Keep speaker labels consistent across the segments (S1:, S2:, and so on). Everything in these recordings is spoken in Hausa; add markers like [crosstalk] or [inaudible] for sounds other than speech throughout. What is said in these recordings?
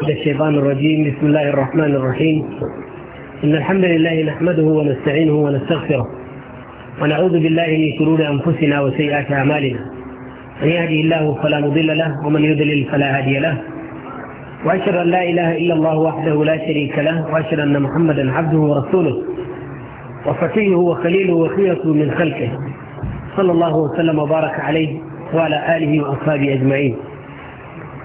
S1: الشيطان الرجيم بسم الله الرحمن الرحيم إن الحمد لله نحمده ونستعينه ونستغفره ونعوذ بالله من شرور أنفسنا وسيئات أعمالنا من يهدي الله فلا مضل له ومن يضلل فلا هادي له وأشهد أن لا إله إلا الله وحده لا شريك له وأشهد أن محمدا عبده ورسوله وصفيه وخليله وخيرته من خلقه صلى الله وسلم وبارك عليه وعلى آله وأصحابه أجمعين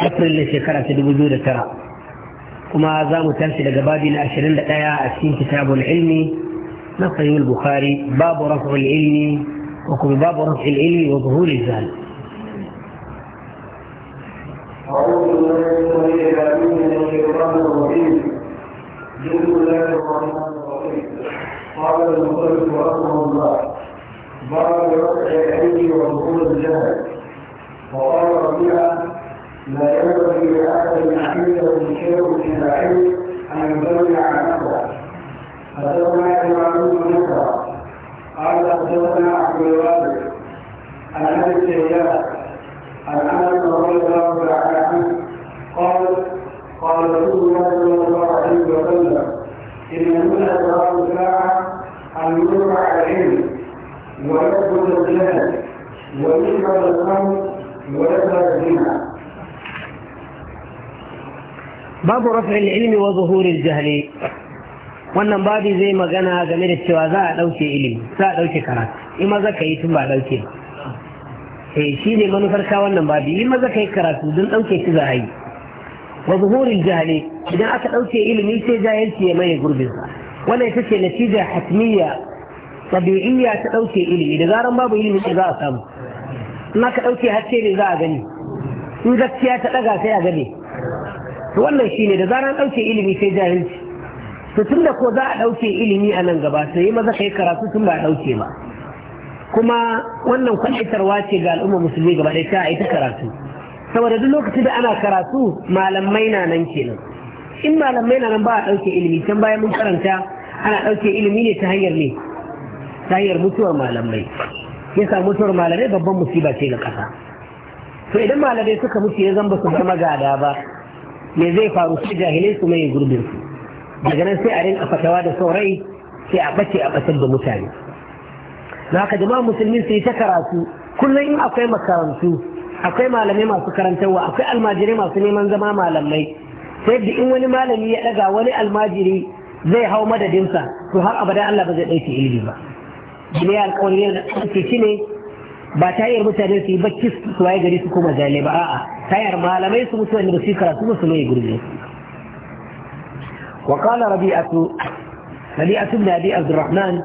S1: april na shekara ta dubu biyu da tara kuma za mu tashi daga babi na ashirin da ɗaya a cikin kitabul ilmi na sahihul bukhari babu raf'ul ilmi wa kuma babu raf'ul ilmi wa zuhuri zal
S2: قال المصرف رحمه الله باب رفع العلم وظهور الجهل وقال ربيعه لا ينبغي لأحد عنده شيء من العلم أن يبلع نفسه حدثنا إبراهيم بن نصر قال حدثنا عبد الوارث عن أبي الشهيات عن أنس رضي الله تعالى عنه قال قال رسول الله صلى الله عليه وسلم إن من أسرار الساعة أن يرفع العلم ويثبت الجهل ويشرب الخمر ويكره الزنا
S1: babu raf'il ilmi wa zuhuril jahli wannan babi zai magana game da cewa za a ɗauke ilimi za a ɗauke karatu in maza ka yi tun ba ɗauke ba eh shi ne manufar ka wannan babi in maza ka yi karatu don ɗauke shi za a yi wa zuhurin jahili idan aka ɗauke ilimi sai jahilci ya maye gurbinsa wannan ita ce natija hatmiya tabi'iyya ta ɗauke ilimi da zaran babu ilimi ne za a samu in aka ɗauke haske ne za a gani in gaskiya ta ɗaga sai a gane to wannan ne da zaran ɗauke ilimi sai jahilci to tun da ko za a ɗauke ilimi a nan gaba sai yi maza kai karatu tun ba a ɗauke ba kuma wannan kwaitarwa ce ga al'umma musulmi gaba ɗaya ta a ita karatu saboda duk lokacin da ana karatu malamai na nan kenan in malamai na nan ba a ɗauke ilimi can bayan mun karanta ana ɗauke ilimi ne ta hanyar ne ta hanyar mutuwar malamai ya sa mutuwar malamai babban musiba ce ga ƙasa to idan malamai suka mutu ya zan ba su zama gada ba me zai faru sai jahilai su mai gurbin su daga nan sai a rin afatawa da saurai sai a bace a batar da mutane na haka jama'a musulmi su yi ta karatu kullum in akwai makarantu akwai malamai masu karantarwa akwai almajirai masu neman zama malamai sai da in wani malami ya daga wani almajiri zai hau madadinsa to har abada Allah ba zai ɗauki ilimi ba. Jini alƙawari ne da ɗauke shi ne ba ta tayar mutane su yi bacci su waye gari su koma jale ba a'a tayar malamai su mutu wanda su karatu ba su ne gurbe wa qala rabi'atu rabi'atu ibn abi abdurrahman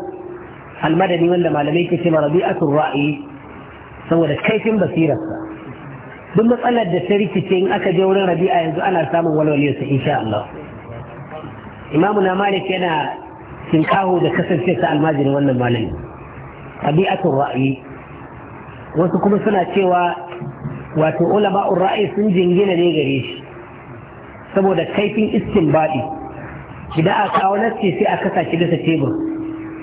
S1: al-madani wanda malamai ke cewa rabi'atu ra'i saboda kaifin basirarsa duk matsalar da ta rikice in aka je wurin rabi'a yanzu ana samun walwale su insha Allah imamu na malik yana tinkaho da kasancewa almajirin wannan malami rabi'atu ra'i wasu kuma suna cewa wato ulama'ur ra'ayi sun jingina ne gare shi saboda kaifin iskin baɗi idan a kawo nassi sai a kasa shi dasa tebur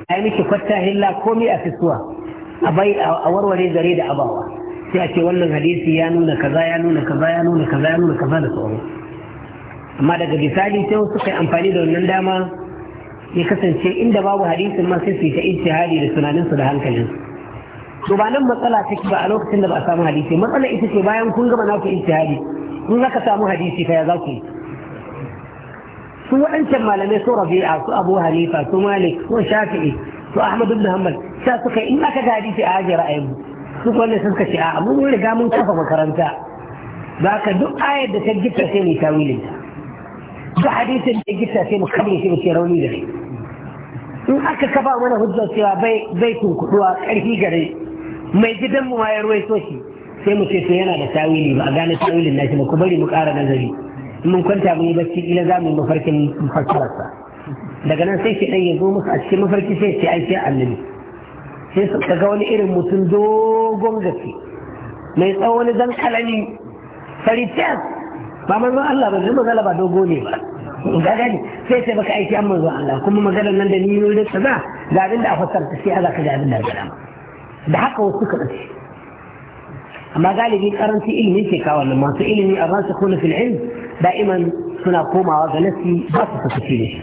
S1: a yi miki kwatta hilla komai a fisuwa a bai a warware gare da abawa sai a ce wannan hadisi ya nuna kaza ya nuna kaza ya nuna kaza ya nuna kaza da sauran amma daga misali sai wasu kai amfani da wannan dama ya kasance inda babu hadisin ma sai su yi ta ijtihadi da tunaninsu da hankalinsu to ba nan matsala take ba a lokacin da ba a samu hadisi matsala ita ce bayan kun gama naku ijtihadi in aka samu hadisi fa ya za ku yi su waɗancan malamai su rabi'a su abu halifa su malik su shafi'i su ahmad ibn hanbal sa suka in aka ga hadisi a hajji ra'ayin su wannan sun ce a mun riga mun kafa makaranta ba ka duk ayar da ta gita sai mu tawilin ta duk hadisin da gita sai mu kare shi mu ce rauni da shi in aka kafa mana hujjar cewa bai bai tunkuɗuwa ƙarfi gare mai gidan mu ya ruwaito shi sai mu ce to yana da tawili ba a gane tawilin nashi ba ku bari mu ƙara nazari mun kwanta mun yi bacci ila za mu yi mafarkin mafarkinsa daga nan sai shi ɗan ya zo musu a cikin mafarki sai ce ai sai annabi sai su ga wani irin mutum dogon gaske mai tsawon dan kalani faritas ba manzon Allah ba zai magana ba dogo ne ba ga gani sai sai baka aiki an zuwa Allah kuma maganar nan da ni ne da kaza ga abin da a fassarta sai Allah ka ga abin da ga dama da haka wasu suka ɓace amma galibi karanci ilimi ke kawo nan masu ilimi a ransu kuna fil ilm da'iman suna komawa ga nasi ba su sakaci da shi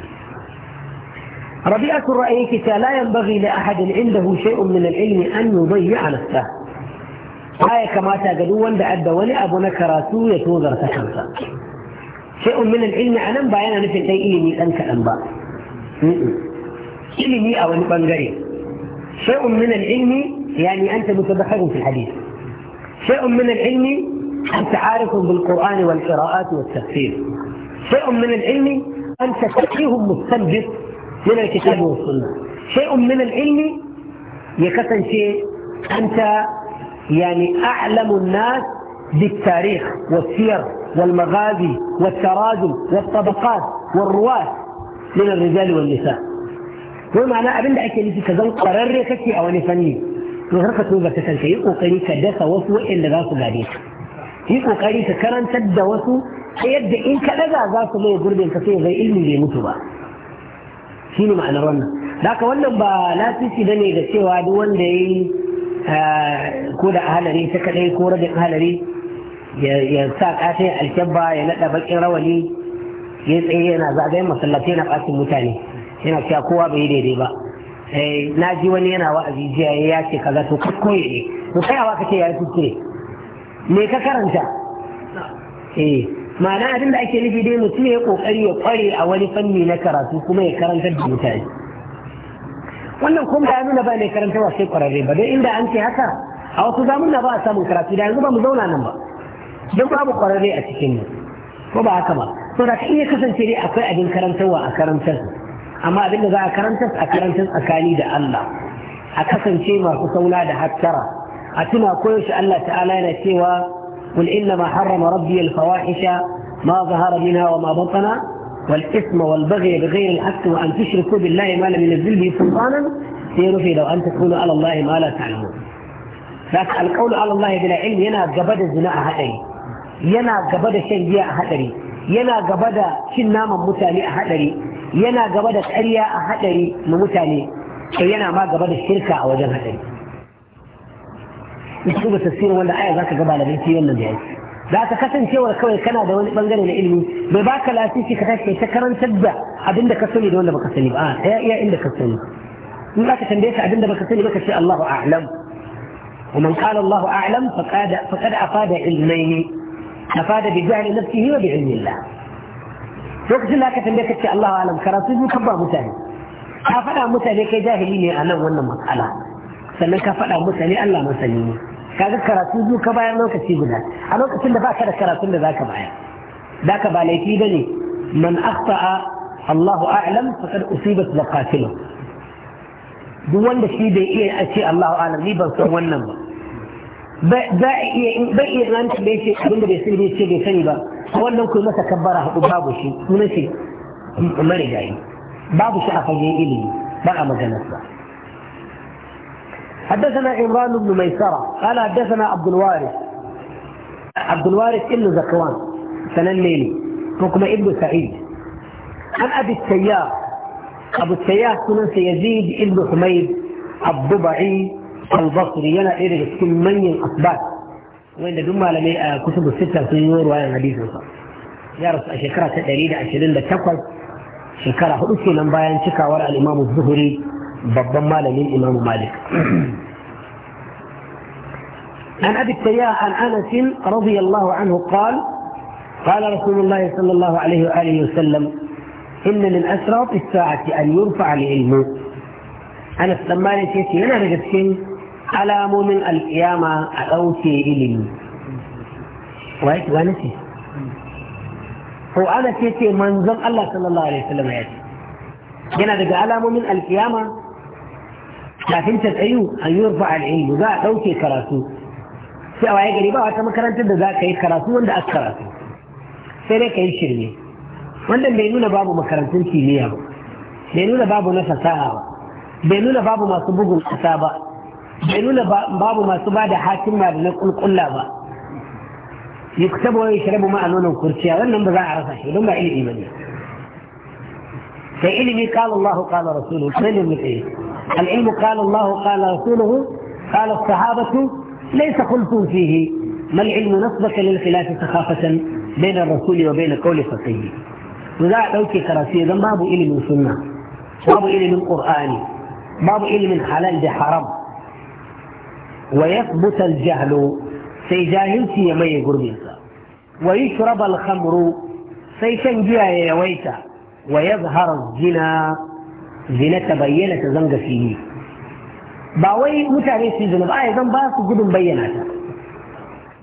S1: ربيعة الرأي كتا لا ينبغي لأحد عنده شيء من العلم أن يضيع نفسه آية كما تقدوا وان بعد ولي أبو نكراتو يتوذر تكنسا شيء من العلم أنا بايانا نفل أي إلمي أنك أنباء إلمي أو نبنغري شيء من العلم يعني أنت متبحر في الحديث شيء من العلم أنت عارف بالقرآن والقراءات والتفسير شيء من العلم أنت فقيه مستنبط من الكتاب والسنة شيء من العلم يكتن شيء أنت يعني أعلم الناس بالتاريخ والسير والمغازي والتراجم والطبقات والرواة من الرجال والنساء ومعنى أبن دعك اللي تكذن قرر كتي أو نفني to har ka tuba ta kanka yi kokari ka dasa wasu waɗanda za su gade ka yi kokari ka karantar da wasu ta yadda in ka daga za su mai gurbin ka sai zai ilmi bai mutu ba shi ne ma'anar wannan haka wannan ba lasisi ne da cewa duk wanda ya yi eh, ko da ahalari ta kadai ko rabin ahalari ya sa kashe alkyabba ya nada bakin rawani ya tsaye yana zagayen masallaci yana ɓacin mutane yana cewa kowa bai yi daidai ba Eh, na ji wani yana wa'azi jiya ya ce kaza to kakkoye ne to kai awa kace yayi kuskure me ka karanta eh ma'ana abin da ake nufi dai mutum ya kokari ya kware a wani fanni na karatu kuma ya karantar da mutane wannan kuma ya nuna ba ne wa sai kwararre ba don inda an ce haka a wasu zamuna ba a samun karatu da yanzu ba mu zauna nan ba don babu kwararre a cikin mu ko ba haka ba to da iya kasance dai akwai abin karantarwa a karantar أما abin da أكرمت a karantar a karantar tsakani da Allah a kasance masu sauna da hattara a tuna koyaushe قل إنما حرم ربي الفواحش ما ظهر منها وما بطن والإثم والبغي بغير الحق وأن تشركوا بالله ما لم ينزل به سلطانا سيرفي لو أن تقولوا على الله ما لا تعلمون لكن القول على الله بلا علم ينا قبض الزنا هدري ينا قبض الشيء هدري ينا قبض شنام متالي هدري yana gaba da ƙarya a haɗari na mutane to yana ma gaba da shirka a wajen haɗari in kuma tafsirin wanda aya za ka gaba da bai wannan da yake za ka kasancewar kawai kana da wani bangare na ilimi bai baka lasisi ka tashi ta karantar da abin da ka sani da wanda baka sani ba a iya inda ka sani in za ka tambaye ka abin da baka sani baka ce Allahu a'lam ومن قال الله أعلم فقد, فقد أفاد علمين أفاد بجعل نفسه وبعلم الله lokacin da aka tambaye ka ce Allahu alam karatu biyu kan ba mutane ka faɗa mutane kai jahili ne a nan wannan matsala sannan ka faɗa mutane Allah masani ne kaga karatu biyu ka bayar lokaci guda a lokacin da baka da karatun da zaka bayar daka ba laifi bane man akhta'a Allahu a'lam faqad usibat maqatilu duk wanda shi bai iya a ce Allahu a'lam ni ban san wannan ba bai iya bai iya ran da ce abinda bai sani bai ce bai sani ba wannan ku masa kabbara haku babu shi sunan shi marigayi babu shi a fagen ilimi ba a maganarsa حدثنا عمران بن ميسرة قال حدثنا عبد الوارث عبد الوارث ابن زكوان سنة سنليلي حكم ابن سعيد عن ابي التياح ابو التياح سنن سيزيد ابن حميد الضبعي البصري ينا ارغس من اصبات وإن دون ما لم كتب الستة سيور وين حديث وصار يارس الشكرة تدريد عن شلين لتكوز شكرة لم لنباين شكا ورع الإمام الزهري بابا ما لم إمام مالك عن أبي التياء عن أنس رضي الله عنه قال قال رسول الله صلى الله عليه وآله وسلم إن للأسرى في الساعة أن يرفع لعلمه أنس سلماني سيتي أنا رجل سيتي alamomin alƙiyama a ɗauke ilimi wai ki wani ce ko ana ce ce manzon Allah sallallahu alaihi wasallam ya ce yana daga alamomin alƙiyama kafin ta tsayu a yi rufa al'ilmu za a ɗauke karatu sai a waye gari ba wata makarantar da za ka yi karatu wanda aka karatu sai dai ka yi shirme wanda bai nuna babu makarantun kimiyya ba bai nuna babu na fasaha ba bai nuna babu masu bugun ƙasa ba bai nuna babu masu ba da hatimma da na kulkulla ba yuktabu wa yashrabu ma nonon kurciya wannan ba za a rasa shi don ba ilimi bane sai ilimi qala Allah qala rasuluhu sai ne mutai al-ilmu qala Allah qala rasuluhu qala as-sahabatu laysa khulfun fihi ما العلم نصبك للخلاف سخافة بين الرسول وبين قول فقيه وذا دوكي كراسي ذنب باب علم السنة باب علم القرآن باب علم الحلال بحرام wa yathbuta al-jahlu sai jahilci ya maye gurbinsa wa yushrab al-khamru sai shan giya ya yawaita wa yazhar zina ta bayyana ta zanga fili ba wai mutane su zina ba ya zan ba su gudun bayyana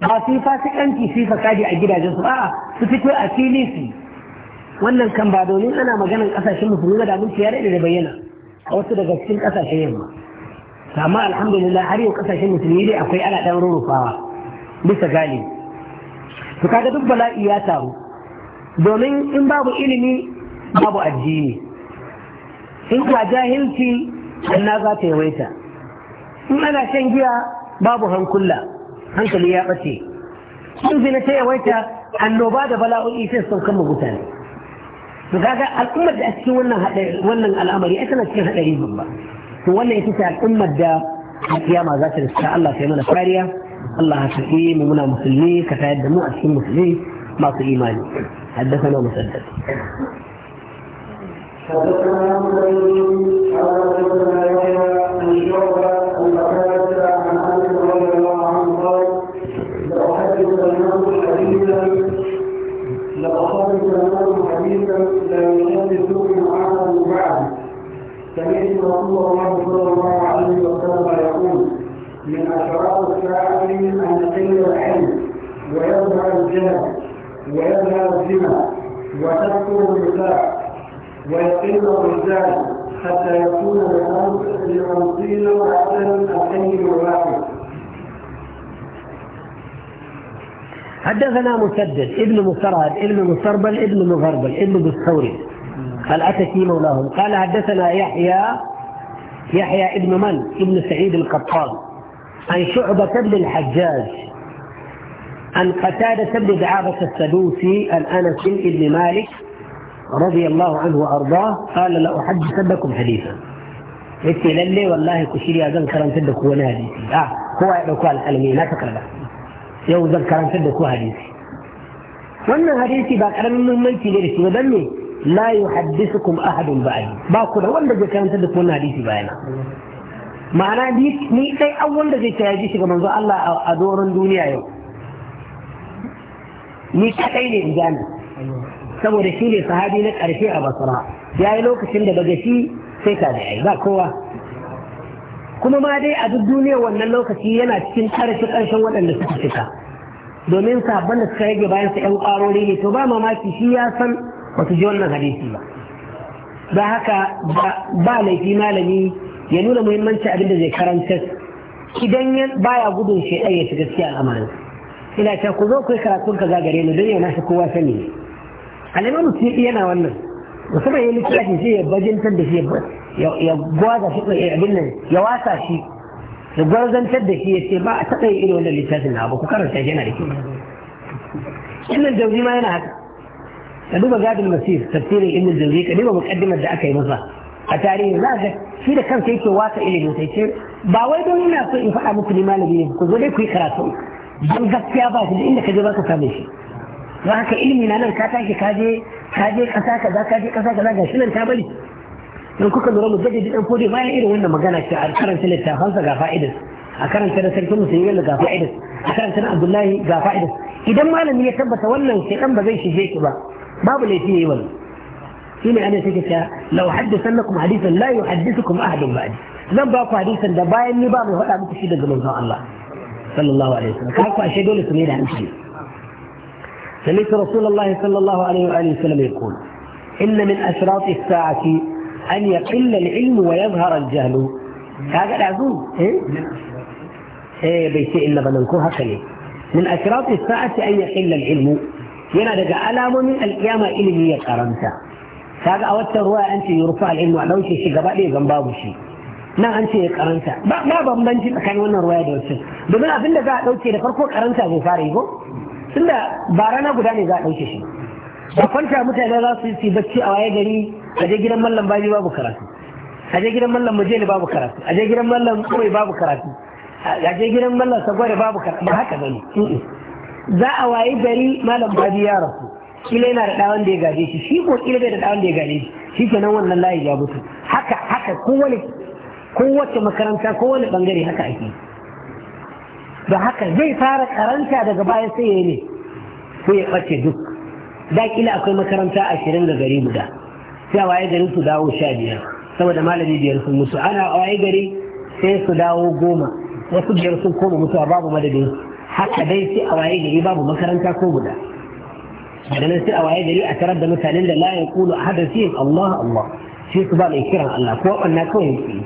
S1: ta ba su yi fasikanci su yi fasadi a gidajensu a'a su fito a fili su wannan kan ba domin ana maganar kasashen musulmi da abinci ya daɗe da bayyana a wasu daga cikin kasashen yamma amma alhamdulillah har yau kasashen musulmi dai akwai ana ɗan rurrufawa bisa gani to kaga duk bala'i ya taru domin in babu ilimi babu addini in kuwa jahilci na za ta yawaita in ana shan giya babu hankula hankali ya ɓace in zina ta yawaita annoba da bala'o'i sai sun kama mutane to kaga al'ummar da a cikin wannan al'amari ai tana cikin haɗari babba to wannan ita ce al'ummar da a kiyama za ta riska Allah ta yi mana fariya Allah ya karbi mu muna musulmi ka tayar da mu a cikin musulmi masu imani حدثنا مسدد حدثنا
S2: مسدد حدثنا يحيى عن شعبه عن قتاده عن انس رضي الله عنه قال لاحدث الناس حديثا لاحدث الناس حديثا لا يحدث من احد بعد سمعت رسول الله صلى الله عليه وسلم يقول من أشراط الساعة أن يقل العلم ويظهر الجهل ويظهر الزنا وتكثر النساء ويقل الرجال حتى يكون لخمسين أحسن الحي الواحد
S1: حدثنا مسدد ابن مسرهد ابن مسربل ابن مغربل ابن بستوري قال أتتي مولاهم قال حدثنا يحيى يحيى ابن من؟ ابن سعيد القطان عن شعبة بن الحجاج عن قتادة بن دعابة السدوسي عن أنس بن مالك رضي الله عنه وأرضاه قال لأحدث لكم حديثا قلت للي والله كشري أذكر أن تدك هو آه هو يقول الحلمي لا تقرأ له يوم ذكر أن تدك هو حديثي وأن من ميتي لرسي وبني la yuhaddithukum ahadun ba'di ba ku da wanda zai karanta da wannan hadisi bayana ma'ana ni kai an wanda zai tayaji shi ga manzo Allah a doron duniya yau ni kadai ne gani saboda shi ne sahabi na karshe a basra yayi lokacin da daga shi sai ka da ai ba kowa kuma ma dai a duk duniya wannan lokaci yana cikin karshe karshen waɗanda suka fita domin sabon da suka rage bayan su yan ƙwarori ne to ba mamaki shi ya san ba su ji wannan hadisi ba ba haka ba laifi malami ya nuna muhimmanci abin da zai karantar idan baya gudun shaidan ya shiga cikin al'amarin ina ta ku zo ku yi karatun ka zagare ni don yana shi kowa sani ne al'imamu yi yana wannan musamman ya ake sai ya bajintar da shi ya gwaza shi abin nan ya wasa shi ya gwarzantar da shi ya ce ba a taɓa yin irin wannan littafin na abu ku karanta shi yana da kyau. Innan jauzi ma yana haka. ka duba gadin masir tafsirin ibn jawzi ka duba muqaddimar da aka yi masa a tarihi za ga shi da kansa yake wasa ilimin sai ce ba wai don ina so in faɗa muku ni malami ne ku zo dai ku yi karatu don gaskiya ba shi da inda ka je ba ka same shi don haka ilimi na nan ka tashi ka je ka je ƙasa ka za ka je ƙasa ka za ga shi nan ta bari don kuka lura mu jaddadi dan fodi bayan irin wannan magana ce a karanta littafansa ga fa'idar a karanta na sarkin musulmi ga fa'idar a karanta na abdullahi ga fa'idar idan malami ya tabbata wannan sai dan ba zai shige ki ba باب الاثنين ايضا فيما انا سيدي لو حدثنكم حديثا لا يحدثكم احد بعد لم باكو حديثا ده باين لي باب يقول مكو شيء الله صلى الله عليه وسلم كاكو اشي دول سمير عن سميت رسول الله صلى الله عليه واله وسلم يقول ان من اشراط الساعه ان يقل العلم ويظهر الجهل هذا العزوم ايه ايه بيتي الا بننكو هكذا من اشراط الساعه ان يقل العلم yana daga alamomin alkiyama ilimi ya karanta kaga a wata ruwa an ce yurfa al-ilmu a dauke shi gaba ɗaya gan babu shi nan an ce ya karanta ba bambanci tsakanin wannan ruwa da wacce domin abin da za a dauke da farko karanta bai fara yi ko tunda ba rana guda ne za a dauke shi ba kwanta mutane za su yi bacci a waye gari a je gidan mallam babi babu karatu a je gidan mallam mujeli babu karatu a je gidan mallam kawai babu karatu a je gidan mallam sagwari babu karatu ba haka bane za a wayi gari malam babi ya rasu kila yana da ɗawan da ya gaje shi shi ko kila bai da ɗawan da ya gaje shi shi kenan wannan layi ya mutu haka haka kowane kowace makaranta kowane bangare haka ake da haka zai fara karanta daga baya sai ya ne sai ya ɓace duk da kila akwai makaranta ashirin ga gari guda sai a waye gari su dawo sha biyar saboda malami biyar sun mutu ana wayi gari sai su dawo goma wasu biyar sun koma mutuwa babu madadin haka dai sai a waye gari babu makaranta ko guda daga nan sai a waye gari a tarar da mutanen da la yaqulu ahadun fihim Allah Allah sai su ba mai kiran Allah ko wannan kawai yake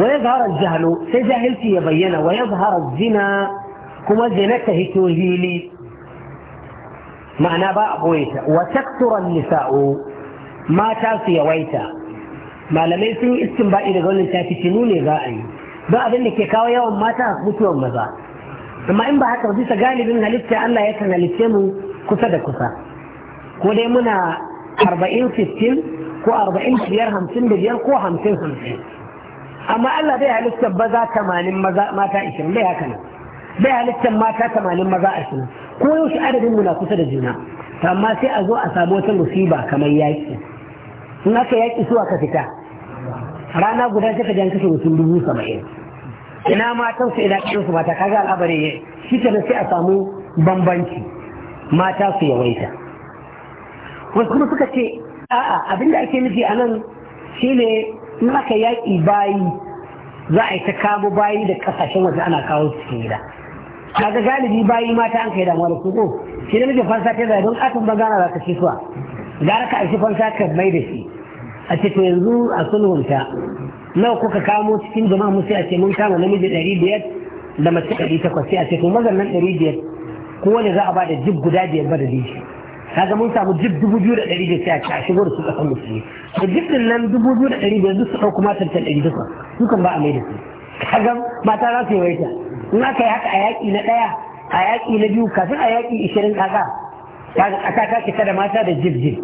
S1: ويظهر الجهل سجاهلتي يبين ويظهر الزنا كما زنته توهيلي ma'ana ba a ɓoye ta wa takturan nisa'u mata su yawaita malamai sun yi iskin baɗi daga wannan tafi tinu ne za a yi don abin da ke kawo yawan mata mutuwan maza amma in ba haka bisa galibin halitta Allah ya kan halitta mu kusa da kusa ko dai muna arba'in 15 ko arba'in 55 da ko 50 50. amma Allah bai halitta baza tamanin mata ishirin bai haka nan bai halitta mata tamanin maza ashirin ko yaushe adadin mu na kusa da juna amma sai a zo a samu wata musiba kamar yaƙi in aka yaƙi suwa ka fita rana guda sai ka jan kashe mutum dubu saba'in ina ma su ina ɗan su mata kaga al'abari ya shi da sai a samu bambanci mata su yawaita wasu kuma suka ce a'a abinda ake nufi a nan shine in aka yaƙi bayi za a yi ta kamo bayi da ƙasashen waje ana kawo su gida kaga galibi bayi mata an kai damuwa da su ko oh, shi ne nufin fansa ta zai don atin bangana za ka ci suwa gara ka aishi fansa ka mai da shi a ce to yanzu a sulhunta nawa kuka kamo cikin jama'a mu sai a ce mun kama namiji ɗari biyar da mace ɗari takwas sai a ce to mazan nan ɗari biyar kowane za a ba da jib guda biyar ba da dishi kaga mun samu jib dubu biyu da ɗari biyar sai a ce a shigo da su ƙasar musulmi da jib ɗin nan dubu biyu da ɗari biyar duk su ɗauko matar ta ɗari takwas dukan ba a mai da su kaga mata za su yawaita in aka yi haka a yaƙi na ɗaya a yaƙi na biyu kafin a yaƙi ishirin kaga kaga ƙasa ta cika da mata da jib jib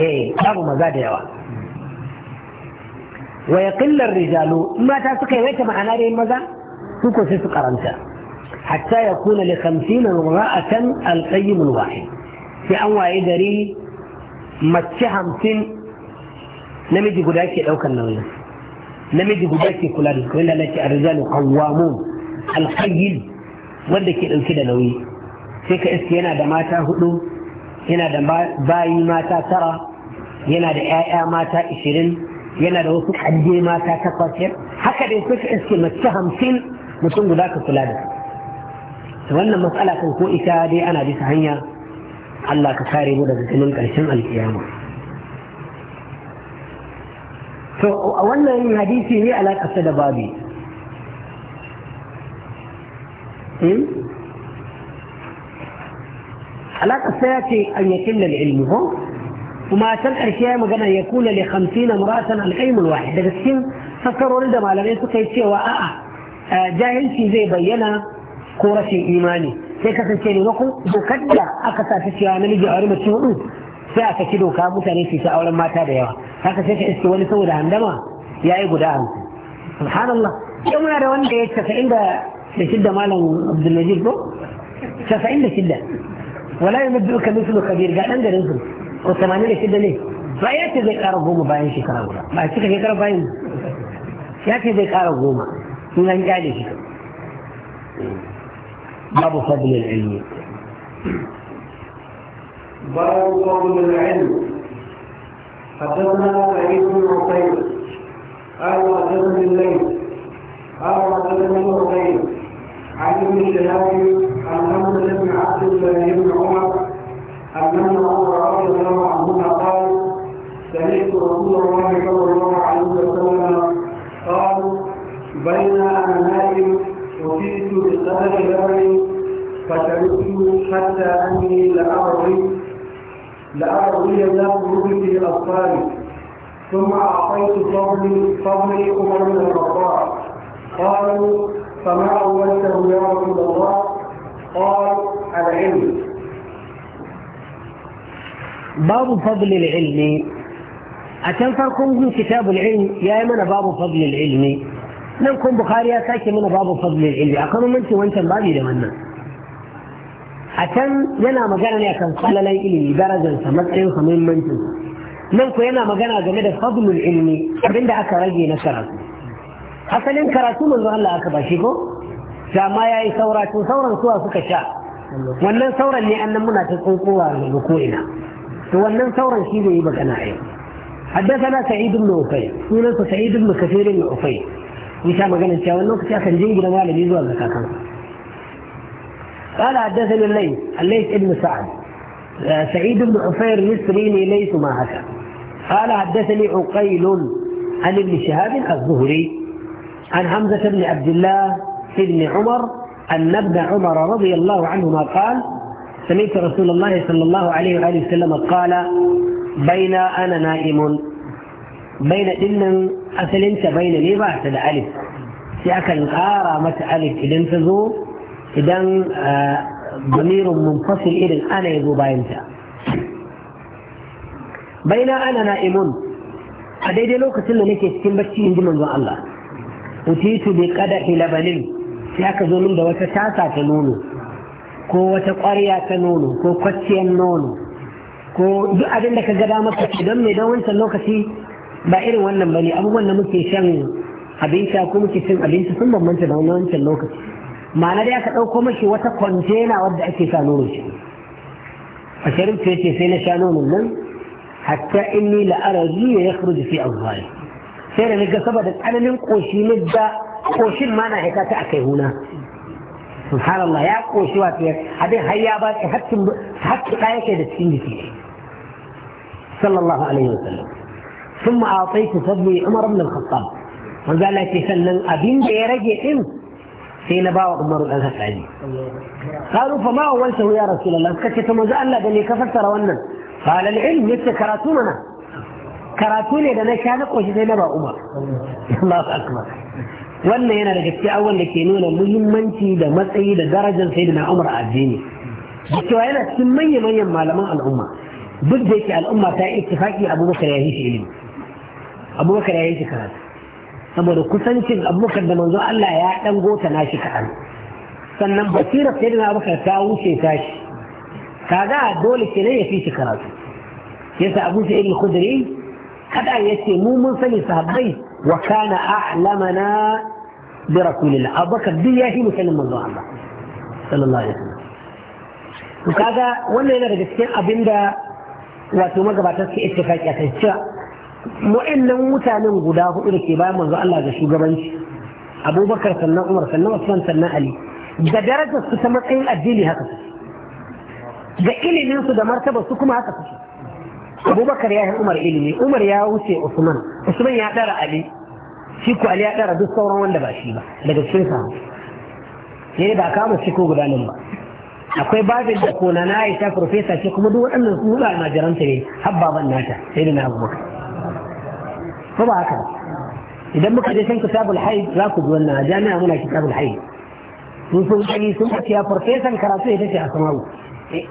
S1: eh babu maza da yawa ويقل الرجال ما تاسك يويت مع ناري المزا سوكو سيسك أرانتا حتى يكون لخمسين وراءة القيم الواحد في أنواع إدري متشهم سن لم يجي قداشي أو كان نولا لم يجي قداشي كل رزق إلا لك الرجال قوامون القيم ودك الكده نوي فيك إسكينا دماتا هدو هنا دم باي ماتا ترى هنا دعاء ماتا إشرين yana da wasu kanje mata takwas haka dai suka iske mace hamsin mutum guda ka kula da su wannan matsala kan ko ita dai ana bisa hanya Allah ka kare mu daga ganin ƙarshen alkiyama to a wannan hadisi ne alaƙarsa da babi alaƙarsa ya ce an yakin da ilmi ko وما تنحر شيئا مقانا يكون لخمسين امرأسا الحيم الواحد دقا السن فسروا لدى ما لم يسوك يتشي واقع آه، جاهل في زي بينا كورة إيماني سيكا سنشيني نقو بكتلا أكتا تشي أنا لجي عرمة ساعة سيكا شدو كامو في ساعة ولما تابع هكا سيكا استواني سودا عندما يا إيقو داهم سبحان الله يوم انا وانا إيش كفعين دا لشدة مالا عبد المجيد بو كفعين دا شدة ولا يمدعك مثل كبير قال أنجر انزل ko tamanin da shida ne ba ya ce zai kara goma bayan shekara guda ba cika shekara bayan ya ce zai kara goma sun an kyale shi babu fadlin
S2: ilmi باب قول العلم حدثنا سعيد بن عقيل قال حدثني الليل قال حدثني عقيل عن ابن شهاب عن حمزه بن عبد الله بن عمر أن الله رضي الله عنهما قال سمعت رسول الله صلى الله عليه وسلم قال بين أنا نائم أتيت بقدر لبن فشربت حتى أني لأروي لأروي يخرج في أطفالي ثم أعطيت فضلي فضلي عمر من الخطاب قالوا فما
S1: babu fadlil ilmi a can farkon gun kitabul ilm ya mana babu fadlil ilmi nan kun bukari sake mana babu fadlil ilmi akwai mamancin wancan babi da wannan a can yana magana ne akan falalai ilimi darajarsa matsayinsa muhimmancinsa nan ku yana magana game da fadlul ilmi abinda aka rage na karatu asalin karatu manzo Allah aka bashi ko da ma yayi saura to sauran suwa suka sha wannan sauran ne annan muna ta tsunkowa daga ko ina to ثورا sauran shi zai حدثنا سعيد بن عفيف سنن سعيد بن كثير بن عفيف وشا مغنى cewa wannan lokaci akan jingina malami zuwa ga kakan قال حدثني الليث الليث ابن سعد سعيد بن عفير مصري ليس ما هكا قال حدثني عقيل عن ابن شهاب الزهري عن حمزة بن عبد الله ابن عمر أن ابن عمر رضي الله عنهما قال سمعت رسول الله صلى الله عليه وآله وسلم قال بين أنا نائم بين إن أسلمت بين لي بعد ألف سيأكل آرى متى ألف إذا انتظوا إذا ضمير منفصل إذا أنا يذو باينتا بين أنا نائم أدي دي لوكا سنة نكي سكين بشي إنجي من الله أتيت بقدح لبن سيأكل ظلم دوتا تاسع تنونو ko wata ƙwarya ta nono ko kwacciyar nono ko duk abin da ka ga da ka don mai don wancan lokaci ba irin wannan bane abubuwan da muke shan abinci ko muke cin abinci sun bambanta da wancan lokaci ma'ana dai aka ɗauko mashi wata kwantena wadda ake sa nono shi a sharif ce ce sai na sha nonon nan hatta inni la'araji ya yakhruju fi awwali sai da ga saboda tsananin ƙoshin ne da ƙoshin ma na haika ta kai huna سبحان الله يا koshi wato هذه har حتى حتى shi hakkin hakki صلى الله عليه وسلم ثم أعطيت فضلي عمر بن الخطاب وقال قال لك سنن أبين بيرجع إن سينا باو عمر بن الخطاب قالوا فما أولته يا رسول الله كتبت ثم قال لا بني كفرت رونا قال العلم كراتوننا كراتوني لنا أنا كان قوش سينا باو عمر الله أكبر wannan yana daga cikin abubuwan da ke nuna muhimmanci da matsayi da darajar sayyidina Umar a addini da cewa yana cikin manya manyan malaman al'umma duk da yake al'umma ta yi ittifaqi Abubakar ya yi shi ilimi Abubakar ya yi shi karatu saboda kusancin Abubakar da manzo Allah ya dan gota na shi kaɗan sannan basira sayyidina Abubakar ta wuce ta shi kaga dole kenan ya fi shi karatu yasa Abu Sa'id al-Khudri kada yace mu mun sani sahabbai wa kana a'lamana bi rasulillah abubakar duk ya himu sanin manzon Allah sallallahu alaihi wasallam to kaga wannan yana daga cikin abinda wato magabatar su ittifaki a kai cewa mu'annan mutanen guda hudu da ke bayan manzon Allah ga shugabanci abubakar sannan umar sannan usman sannan ali da darajar ta matsayin addini haka su da ilimin da martaba kuma haka su abubakar ya yi umar ilimi umar ya wuce usman usman ya dara ali shi ko ali ya ɗara duk sauran wanda ba shi ba daga cikin sa ne ba kama shi ko guda nan ba akwai babin da ko na na aisha profesa ce kuma duk waɗannan su ga almajiranta ne habba ban nata sai da na abubakar ko ba haka idan muka je san kitabul haid za ku ji wannan a jami'a muna kitabul haid sun sun gani sun ce farfesan karatu ita ce asma'u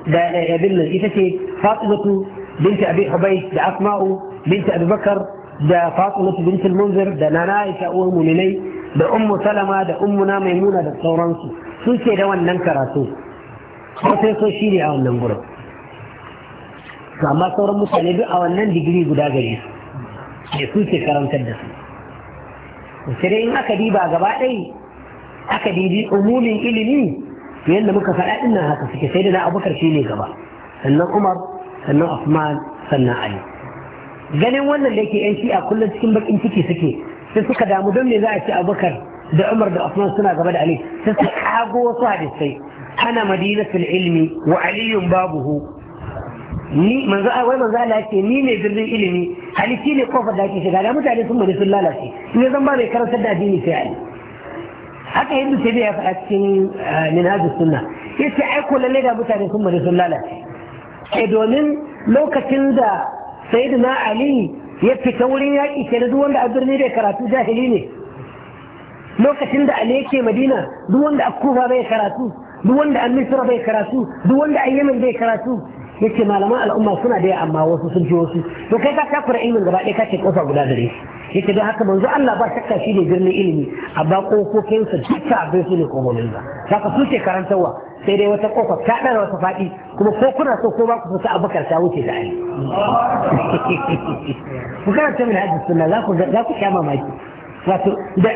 S1: da abin nan ita ce fatimatu binti abi hubai da asma'u binti abubakar da fatimatu bintul munzir da nana aisha uwar muminai da ummu salama da na maimuna da sauransu suke da wannan karatu ko sai so shi ne a wannan gurin amma sauran mutane duk a wannan digiri guda gari su da suke karantar da su sai dai in aka diba gaba ɗaya aka dibi umumin ilimi yadda muka faɗa ɗin nan haka suke sai da na abubakar shi ne gaba sannan umar sannan Usman sannan Ali ganin wannan da yake yan shi'a kullum cikin bakin ciki suke sai suka damu don me za a ce abubakar da umar da usman suna gaba da ali sai suka kago wasu hadisai ana madinatul ilmi wa aliyun babuhu ni manzo wai manzo Allah yake ni ne birnin ilimi halitti ne kofar da ake shiga da mutane sun bari sun lalace ne zan ba mai karantar da addini sai ali haka hindu sai ya faɗa cikin eh, minhajus sunna yace ai ko lalle da mutane sun bari sun lalace eh domin lokacin da sayyidina ali ya fita wurin yaƙi ke na duk wanda a birni da karatu jahili ne lokacin da ali yake madina duk wanda a kufa bai karatu duk wanda a misra bai karatu duk wanda a yamin bai karatu yace malaman al'umma suna da amma wasu sun ji wasu to kai ka kafura ilimin gaba ɗaya kace kofa guda gare shi yace don haka zo Allah ba shakka shi ne birnin ilimi amma kokokinsa duk abin su ne komomin sa saka su ce karantarwa sai dai wata kofa ta ɗara wata faɗi kuma ko kuna so ko ba ku fita abubakar ta wuce da ai ku karanta min hadisi sunna za ku za ku sha mamaki wato da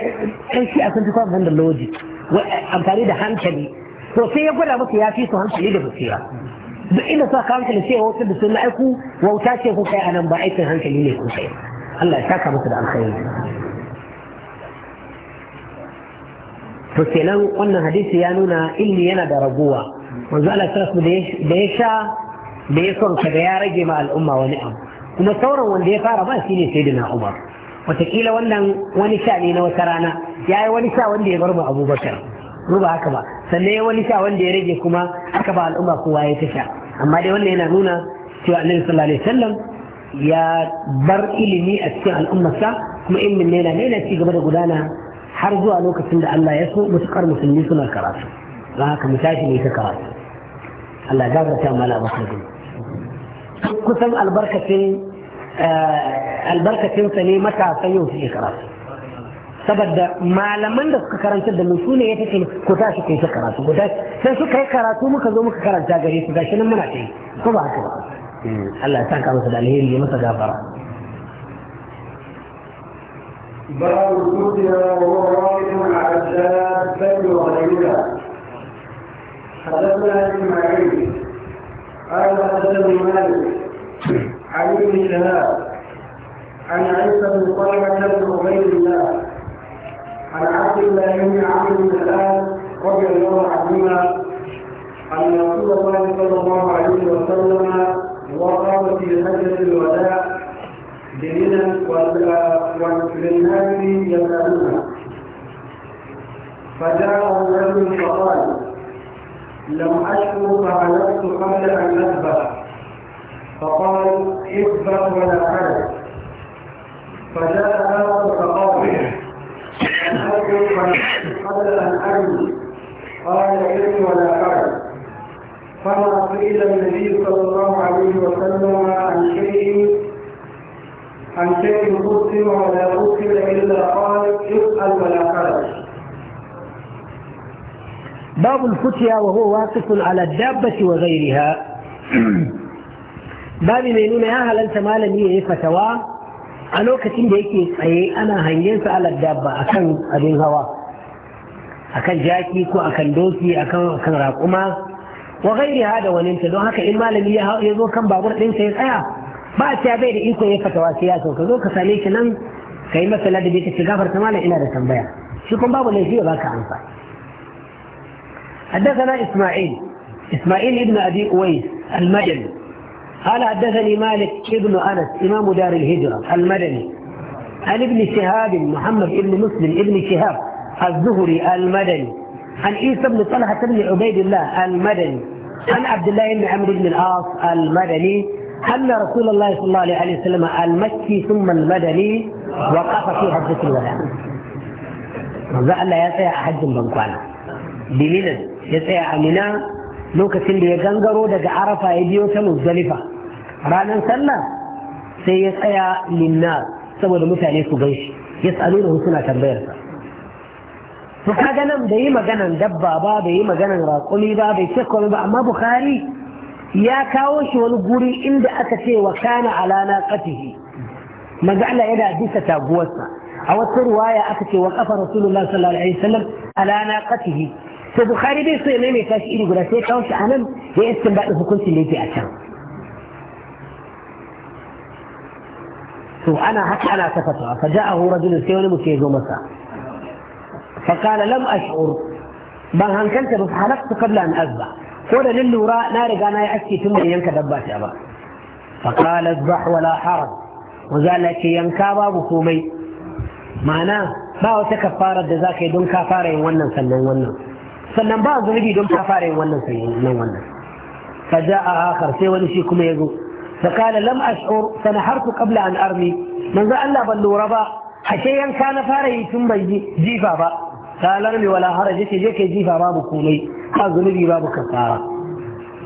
S1: ɗan shi a sun fi kwanan da logic amfani da hankali to sai ya gwada masa ya fi su hankali da basira duk inda sa ka hankali sai wata da sunna aiku wauta ce ku kai anan ba aikin hankali ne ku kai Allah ya saka musu da
S2: alkhairi
S1: to kenan wannan hadisi ya nuna ilmi yana da raguwa manzo Allah su da ya sha da ya son ka da ya rage ma al'umma wani abu kuma sauran wanda ya fara ba shine sayyidina Umar wataƙila wannan wani sha ne na wata rana ya yi wani sha wanda ya bar mu Abubakar ba haka ba sannan ya wani sha wanda ya rage kuma aka ba al'umma kowa ya ta sha amma dai wannan yana nuna cewa annabi sallallahu alaihi wasallam ya bar ilimi a cikin al'ummarsa kuma ilimin ne na ci gaba da gudana har zuwa lokacin da Allah ya so mutukar musulmi suna karatu don haka mu ne ta karatu Allah ya gafarta mana ba musulmi kusan albarkacin albarkacinsa ne matasan yau suke karatu saboda malaman da suka karanta da mu ne ya tace ku tashi ku ta karatu ku tashi sai suka yi karatu muka zo muka karanta gare su gashi nan muna ta yi ko ba haka ba Allah ya saka masa da alheri ya masa gafara
S2: باب الكتب وهو راكب على الدابة وغيرها حدثنا اسماعيل قال حدثني مالك عن ابن شهاب عن عيسى بن طلحة بن عبيد الله عن عبد الله بن عبد بن الآن رضي الله عنهما أن رسول الله صلى الله عليه وسلم وقام في حجة الوداع دينا والمسلمان يسألون فجاء الرجل فقال لم أشكو فعلقت قبل أن أذبح فقال اذبح ولا حرج فجاء آخر فقال قبل أن أرمي قال إذن ولا حرج فما قيل النبي صلى الله عليه وسلم عن شيء عن شيء قسم ولا قسم الا قال يسال ولا حرج
S1: باب الفتيا وهو واقف على الدابة وغيرها [clears throat] باب من هنا هل أنت مالا هي فتوى أنا كتن أي أنا هنجنس على الدابة أكن أبين هوا أكن جاكي كو أكن دوسي أكن, أكن راقما وغير هذا وننسى دو هكا إن مالا هي يزور كم بابور إنسى يسعى آه، ba a cewa bai da iko ya fatawa sai ya so ka zo ka same shi nan ka yi masa ladabi ka ce gafarta malam ina da tambaya shi kuma babu laifi ya baka amsa حدثنا إسماعيل إسماعيل ابن أبي أويس المدني قال حدثني مالك ابن أنس إمام دار الهجرة المدني عن ابن شهاب محمد ابن مسلم ابن شهاب الزهري المدني عن عيسى بن طلحة بن عبيد الله المدني عن عبد الله بن عمرو بن العاص المدني أن رسول الله صلى الله عليه وسلم المكي ثم المدني وقف في حجة الوداع manzo Allah ya tsaya a hajjin bankwana dalilin ya tsaya a mina lokacin da ya gangaro daga arafa ya biyo ta muzdalifa ranar sallah sai ya tsaya Minna saboda mutane su gaishe. shi ya tsalo da suna tambayar sa to kaga nan bai yi maganan dabba ba bai yi maganan raƙumi ba bai ce komai ba amma bukhari ya kawo shi wani guri inda aka ce wa kana ala naqatihi manzo Allah yana bisa taguwarsa a wata ruwaya aka ce wa kafa rasulullah sallallahu alaihi wasallam ala naqatihi to bukhari dai sai ne mai tashi iri guda sai kawo shi anan ya istinbadi hukuncin da yake a can to ana haka ana tafata fa ja'ahu rajulun sai wani mutum ya zo masa fa qala lam ash'ur ban hankalta ba halaktu qabla an azba ko da nan lura na riga na yi aski tun da yanka dabba ta ba فقال اذبح ولا حرج وذلك yanka babu komai. ma'ana ba wata kafarar da za ka yi don ka fara yin wannan sannan wannan sannan ba zunubi don ka fara yin wannan sannan wannan fa ja'a akhar sai wani shi kuma yazo fa kala lam ash'ur ku kabla an armi manzo Allah ban lura ba ashe yanka na fara yi tun bai jifa ba Ta mi wala haraji ce je ke jifa babu komai ba zunubi babu kafara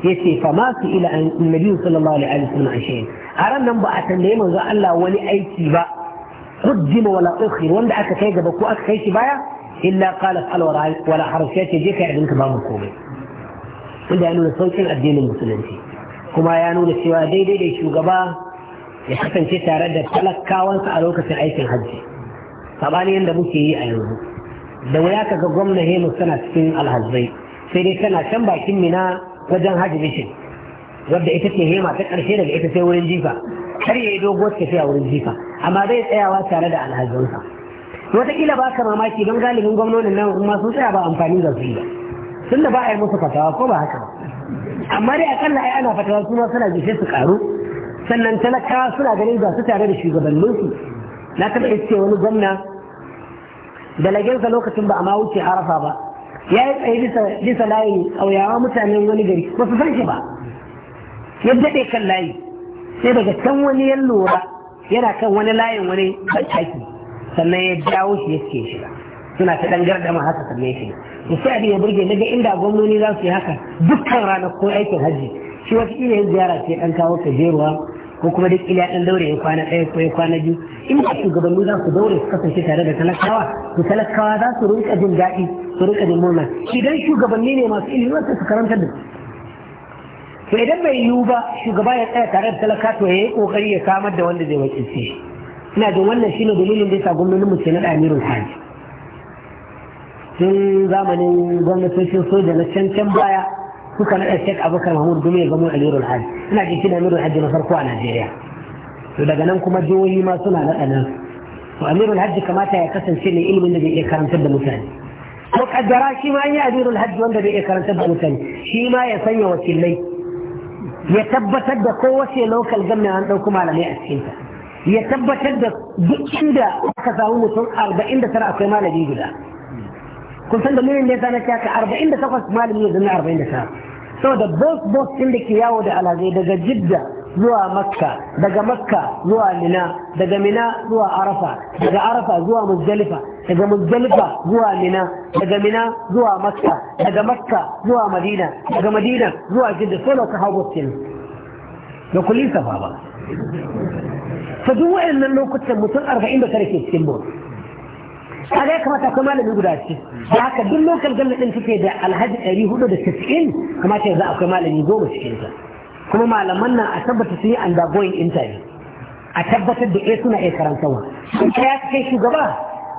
S1: yace fa ma su ila annabi sallallahu alaihi wasallam a ran nan ba a tambaye manzo Allah wani aiki ba qaddima wala ukhir wanda aka kai gaba ko aka kai shi baya illa qala fa'al wala harf yace je ka abinka babu komai inda ya nuna saukin addinin musulunci kuma ya nuna cewa daidai da shugaba ya kasance tare da talakawansa a lokacin aikin hajji saɓani yadda muke yi a yanzu da wuya kaga gwamna hemus tana cikin alhazzai sai dai tana can bakin mina wajen hajji mishin wadda ita ce hema ta ƙarshe daga ita sai wurin jifa kar ya yi doguwar tafiya wurin jifa amma zai tsayawa tare da alhazansa wataƙila ba ka mamaki don galibin gwamnonin nan kuma sun tsaya ba amfani da su Tun da ba a yi musu fatawa ko ba haka amma dai akalla ai ana fatawa su ma suna gishe su karu sannan talakawa suna ganin ba su tare da shugabanninsu na taɓa ce wani gwamna dalagensa lokacin ba a ma wuce arafa ba ya yi tsaye bisa layin a ƙauyawa mutanen wani gari ba su san shi ba ya daɗe kan layi sai daga can wani 'yan lura yana kan wani layin wani taki sannan ya jawo shi ya suke shi suna ta ɗangar da haka sannan ya shiga to sai abin ya burge daga inda gwamnoni za su yi haka dukkan ranar ko aikin hajji shi wata iya yin ziyara ce ɗan kawo kajeruwa ko kuma duk ila ɗan daure ya kwana ɗaya ko ya kwana biyu in ba shugabanni za su daure su kasance tare da talakawa to talakawa za su rinka jin daɗi su rinka jin murna idan shugabanni ne masu ilimi wasu su karanta da to idan bai yiwu ba shugaba ya tsaya tare da talaka to ya yi ƙoƙari ya samar da wanda zai wakilce shi ina jin wannan shine dalilin da sa gwamnonin mu ke na ɗamirin hali tun zamanin gwamnatocin soja na can can baya وكان الشيخ ابو بكر مامور جميل جميع اليورو الحاج انا جيت هنا اليورو الحاج نصر كوانا جيريا لذا جنمكم الجوي ما سنا لنا وامير الحج كما تاي قسم سني علم النبي ايه كان تبدا مثاني وقدرا شي ما يا امير الحج وين النبي ايه كان تبدا مثاني شي ما يسني وكيلي يتبتد ده كو وسي لو كل جمع ان دو كما لم ياسين يتبتد ده عند كذا ومتون 40 ده اكو مال دي كنت عند مين ده 48 ده saboda bus bus ɗin da ke yawo da alazai daga jidda zuwa makka daga makka zuwa mina daga mina zuwa arafa daga arafa zuwa muzdalifa daga muzdalifa zuwa mina daga mina zuwa makka daga makka zuwa madina daga madina zuwa jidda sai ka hau bus ɗin da kulisa ba ba ta duk waɗannan lokutan mutum arba'in da tare ke cikin bus kaga ya kamata akwai malami guda ce da haka duk lokal galla din take da alhaji ɗari hudu da tisa'in kamata yanzu akwai malami goma cikin ta kuma malaman nan a tabbata sun yi undergoing interview a tabbatar da eh suna iya karantarwa in ka ya kai shugaba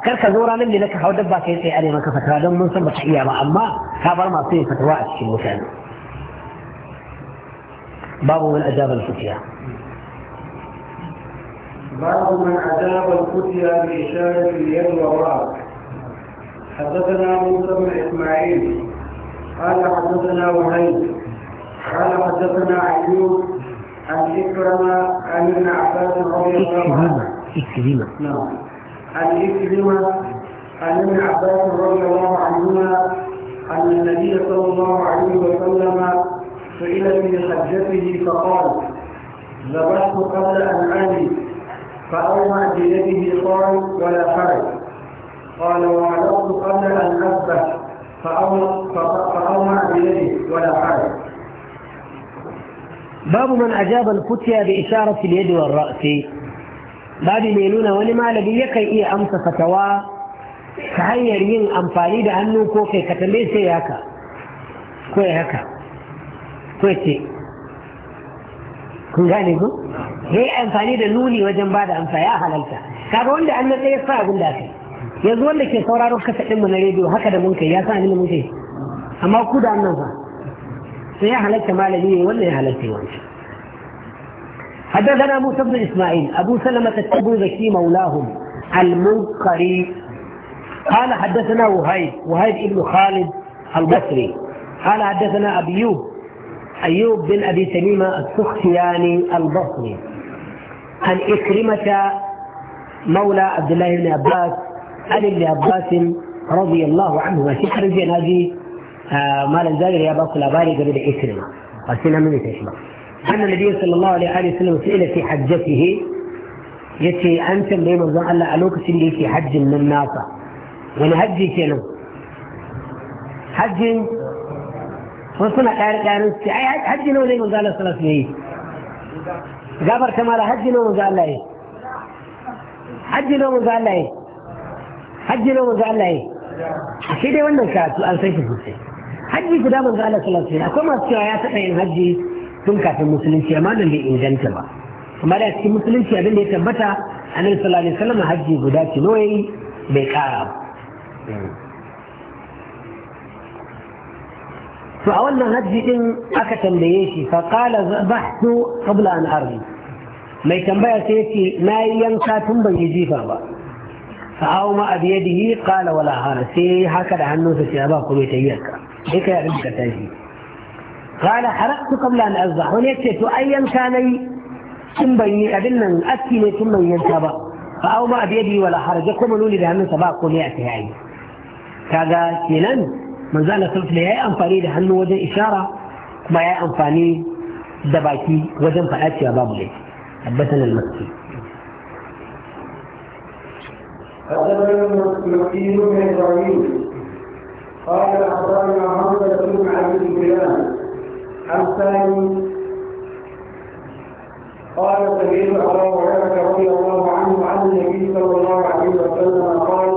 S1: kar ka zo ranar ne na ka hau dabba kai tsaye are maka fatawa don mun san ba ta iya ba amma ka bar masu yin fatawa a cikin mutane babu wani ajabar fitiya
S2: باب من عذاب الفتيا بإشارة اليد والرأس حدثنا موسى بن إسماعيل قال حدثنا وهيب قال حدثنا عيوب عن إكرم عن ابن عباس رضي الله عنه إكرمة نعم عن إكرمة عن ابن عباس رضي الله عنهما أن النبي صلى الله عليه وسلم سئل في حجته فقال ذبحت قبل أن أني فأومع بيده قال ولا حرج قال وعلقت قبل أن أذبح فأومع بيده ولا حرج
S1: باب من أجاب الفتيا بإشارة اليد والرأس babi mai nuna wani malami yakan iya amsa fatawa ta hanyar yin amfani da hannu ko kai ka sai haka ko ya haka gane ku yayi amfani da nuni wajen ba da amsa ya halalta kaga wanda an natsa ya sa abin da aka yanzu wanda ke sauraron kasa ɗinmu na rediyo haka da mun kai ya sa ni mun kai amma ku da annan fa sai ya halalta malami ne wannan ya halalta yawanci حدثنا موسى بن اسماعيل ابو سلمة التبوذكي مولاهم المنقري قال حدثنا وهيب وهيب ابن خالد البصري قال حدثنا ابيوب ايوب بن ابي تميمه السختياني البصري أن إكرمة مولى عبد الله بن عباس عن ابن عباس رضي الله عنه في حرج هذه آه، ما لم زال يا باس الاباري قبل اكرمه قسينا من تشبه ان النبي صلى الله عليه وسلم سئل في حجته يتي انت من يوم الله الوك سندي في حج من ناصر يعني حجي كلام حجي وصلنا قال قال اي حجي لو لم يزال صلاه gafarta mala hajji na Allah yi hajji na manzo Allah yi hajji na Allah yi shi dai wannan karatu an san sosai hajji guda manzo Allah sallallahu alaihi wasallam akwai masu cewa ya taɓa yin hajji tun kafin musulunci amma nan bai inganta ba amma da cikin musulunci abin da ya tabbata annabi sallallahu alaihi wasallam hajji guda ce bai kara ba فأولنا نجد إن أكا تنبيشي فقال بحت قبل أن أرمي ما يتنبيه سيتي ما ينسى تنبي يجيفا با فأوما بيده قال ولا هانا سي هكذا عنه أبا أباكم إياك إيكا يا ربك تاجي قال حرقت قبل أن أذبح وليكتت أيا كان تنبي أدلنا أكي لي تنبي ينسى با فأوما بيده ولا حرج يقوم لولي بأنه سبا يأتي هاي كذا كنان manzala sulfila ya yi amfani da hannu wajen ishara kuma ya yi amfani da baki wajen faɗa cewa babu laifi tabbatan al-masjid
S2: حدثنا المسيح بن ابراهيم قال اخبرنا محمد بن عبد الكلام قال سمعت ابا هريره رضي الله عنه عن النبي صلى الله عليه وسلم قال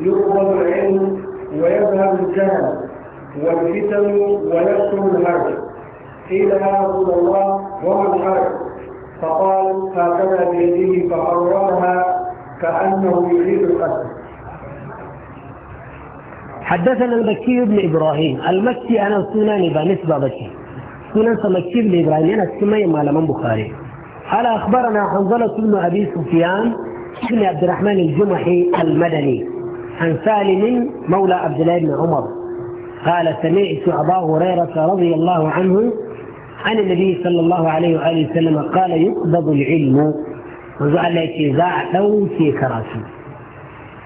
S2: يقبل العلم ويذهب الجهل والفتن ويكثر الهرج قيل يا رسول الله وما الحرج فقال هكذا بيده فحررها كانه يريد القتل
S1: حدثنا المكي بن ابراهيم المكي انا السناني بنسبه بكي سنن مكي بن ابراهيم انا سمي من بخاري قال اخبرنا حنظله بن ابي سفيان بن عبد الرحمن الجمحي المدني عن سالم مولى عبد الله بن عمر قال سمعت أبا هريرة رضي الله عنه عن النبي صلى الله عليه وآله وسلم قال يقبض العلم وزعل يكي زع في كراسي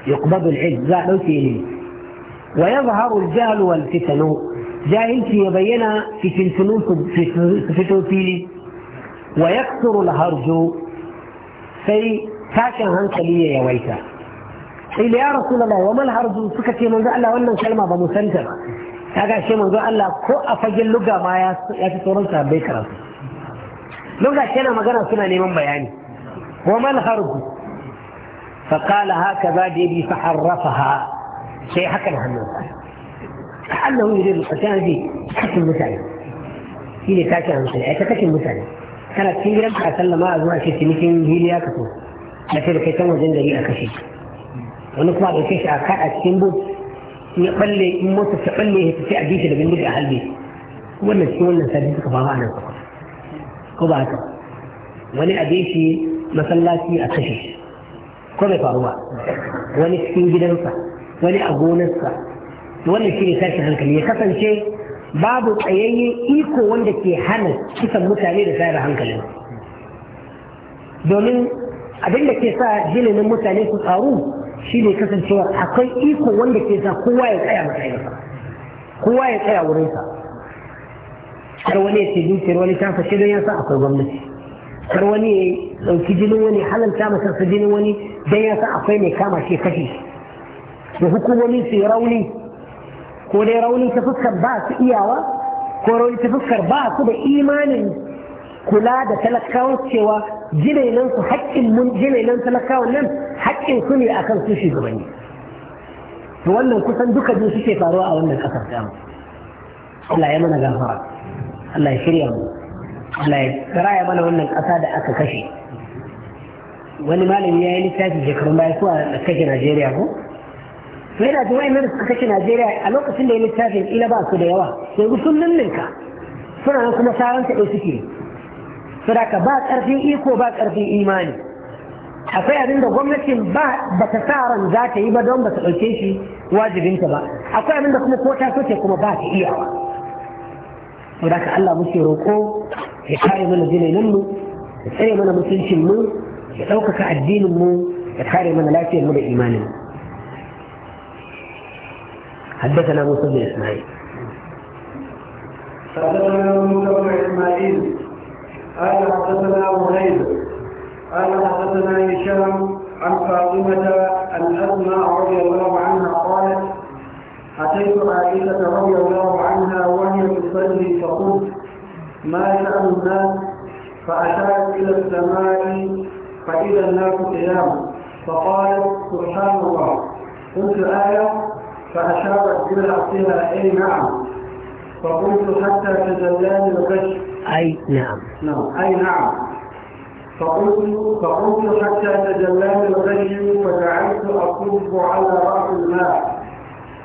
S1: يقبض العلم زع في إليه ويظهر الجهل والفتن جاهل في يبين في في فيلي ويكثر الهرج في تاكن هنكلية يويتا sai da ya rasulullahi wa mal harju suka ce manzo Allah wannan kalma ba mu santa ba kaga shi manzo Allah ko a fagen luga ma ya ya ci sauran sahabbai karatu luga ce na magana suna neman bayani wa mal harju fa kala haka za da bi fa harrafaha sai haka da hannun sa annahu yuridu al-qitana bi kashin mutane shi ne tashi hankali ai ta kashin mutane kana cikin gidan ka sallama a zuwa shi cinikin hiliya ka so na ce da kai can wajen gari a kashe wani kuma ɗauke shi a kaɗa cikin bus in ya balle in mota ta balle ya tafi a gefe da bindiga a halbe wannan cikin wannan sadi suka fama a nan ko ba haka wani a gefe masallaci a kashe ko bai faru ba wani cikin gidansa wani a gonarsa wannan shi ne tashin hankali ya kasance babu tsayayyen iko wanda ke hana kisan mutane da tayar hankalin domin abin da ke sa jinin mutane su tsaru shi ne kasancewa akwai iko wanda ke sa kowa ya tsaya matsayinsa kowa ya tsaya sa har wani ya ce dukiyar wani ta fashe don yasa akwai gwamnati har wani ya dauki jinin wani halanta masa jinin wani don yasa akwai mai kama shi kashe da hukumomi su rauni ko dai rauni ta fuskar ba su iyawa ko rauni ta fuskar ba su da imanin kula da talakawa cewa jinainan su haƙƙin mun jinainan talakawar nan haƙƙin su ne akan su gabani. to wannan kusan duka biyu suke faruwa a wannan ƙasar ta mu Allah ya mana gafara Allah ya shirya mu Allah ya ya mana wannan ƙasa da aka kashe wani malami ya yi littafi shekarun baya suwa da kashe Najeriya ko to yana da wayan da suka kashe Najeriya a lokacin da ya littafin ila ba su da yawa yanzu sun ninninka suna nan kuma saranta ɗaya suke saboda ba ƙarfin iko ba ƙarfin imani akwai abin da gwamnatin ba ba ta sa ran za ta yi ba don ba ta ɗauke shi wajibinta ba akwai abin da kuma ko ta so ce kuma ba ta iyawa saboda ka Allah muke roƙo ya kare mana jinainin mu ya tsare mana mutuncin mu ya ɗaukaka addinin mu ya kare mana lafiyar mu da imanin mu حدثنا موسى بن اسماعيل
S2: حدثنا موسى بن اسماعيل قال حدثنا مهيب قال حدثنا هشام عن فاطمة الأسماء رضي الله عنها قالت أتيت عائشة رضي الله عنها وهي تصلي فقلت ما شأن الناس فأشارت إلى السماء فإذا الناس قيام فقالت سبحان الله قلت آية فأشارت إلى رأسها أي نعم فقلت حتى تجلاني الغش
S1: أي نعم
S2: نعم أي نعم فقلت فقلت حتى تجلاني الغي فجعلت اصب على راس الماء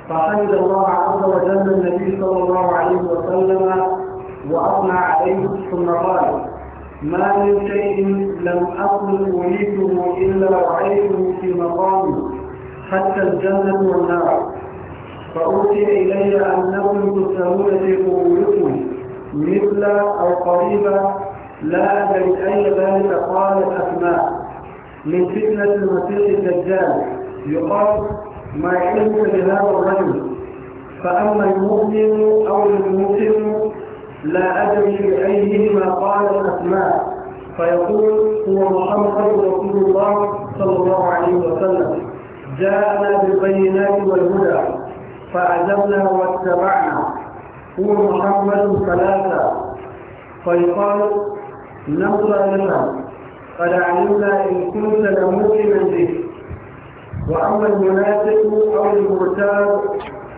S2: فحمد الله عز وجل النبي صلى الله عليه وسلم واثنى عليه ثم قال ما من شيء لم اقل اريده الا رايته في مقامي حتى الجنه والنار فأوحي إلي أنكم تسألون في قبوركم مثل أو قريبا لا أدري أي ذلك قال أسماء من فتنة المسيح الدجال يقال ما علمك بهذا الرجل فأما المؤمن أو المسلم لا أدري بأيهما قال أسماء فيقول هو محمد رسول الله صلى الله عليه وسلم جاءنا بالبينات والهدى فعزمنا واتبعنا هو محمد ثلاثة فيقال نظرا لنا قد علمنا إن كنت لمؤمنا به وأما المنافق أو المرتاب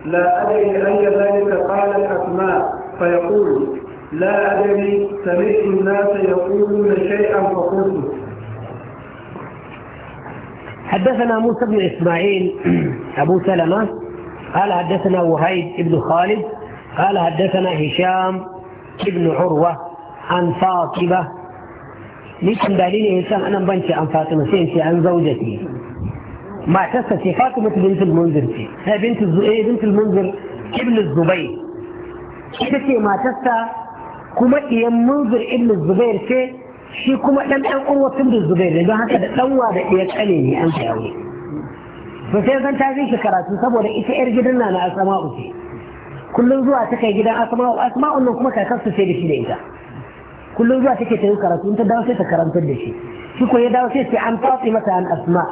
S2: لا أدري أي ذلك قال الأسماء فيقول لا أدري سمعت الناس يقولون شيئا فقلت
S1: حدثنا موسى بن إسماعيل أبو سلمة قال حدثنا وهيب بن خالد قال حدثنا هشام بن عروة an fatima ni kan ya san anan bance an fatima sai ce an zauja ce matarsa ce fatima bintul munzir ce sai eh, bintul zu'ay eh, bintul munzir ibn zubayr ita ce matarsa kuma iyan munzir ibn zubair ce shi kuma ɗan dan urwa ibn zubair ne don haka da danwa da iya kane ne an kai aure to sai zan ta shi karatu saboda ita yar gidan na na asma'u ce kullum zuwa ta kai gidan asama'u asama'u nan kuma kakarsu sai da shi da ita kullum zuwa take ta yi karatu in ta dawo sai ta karantar da shi shi ko ya dawo sai ta an fatsi mata an asma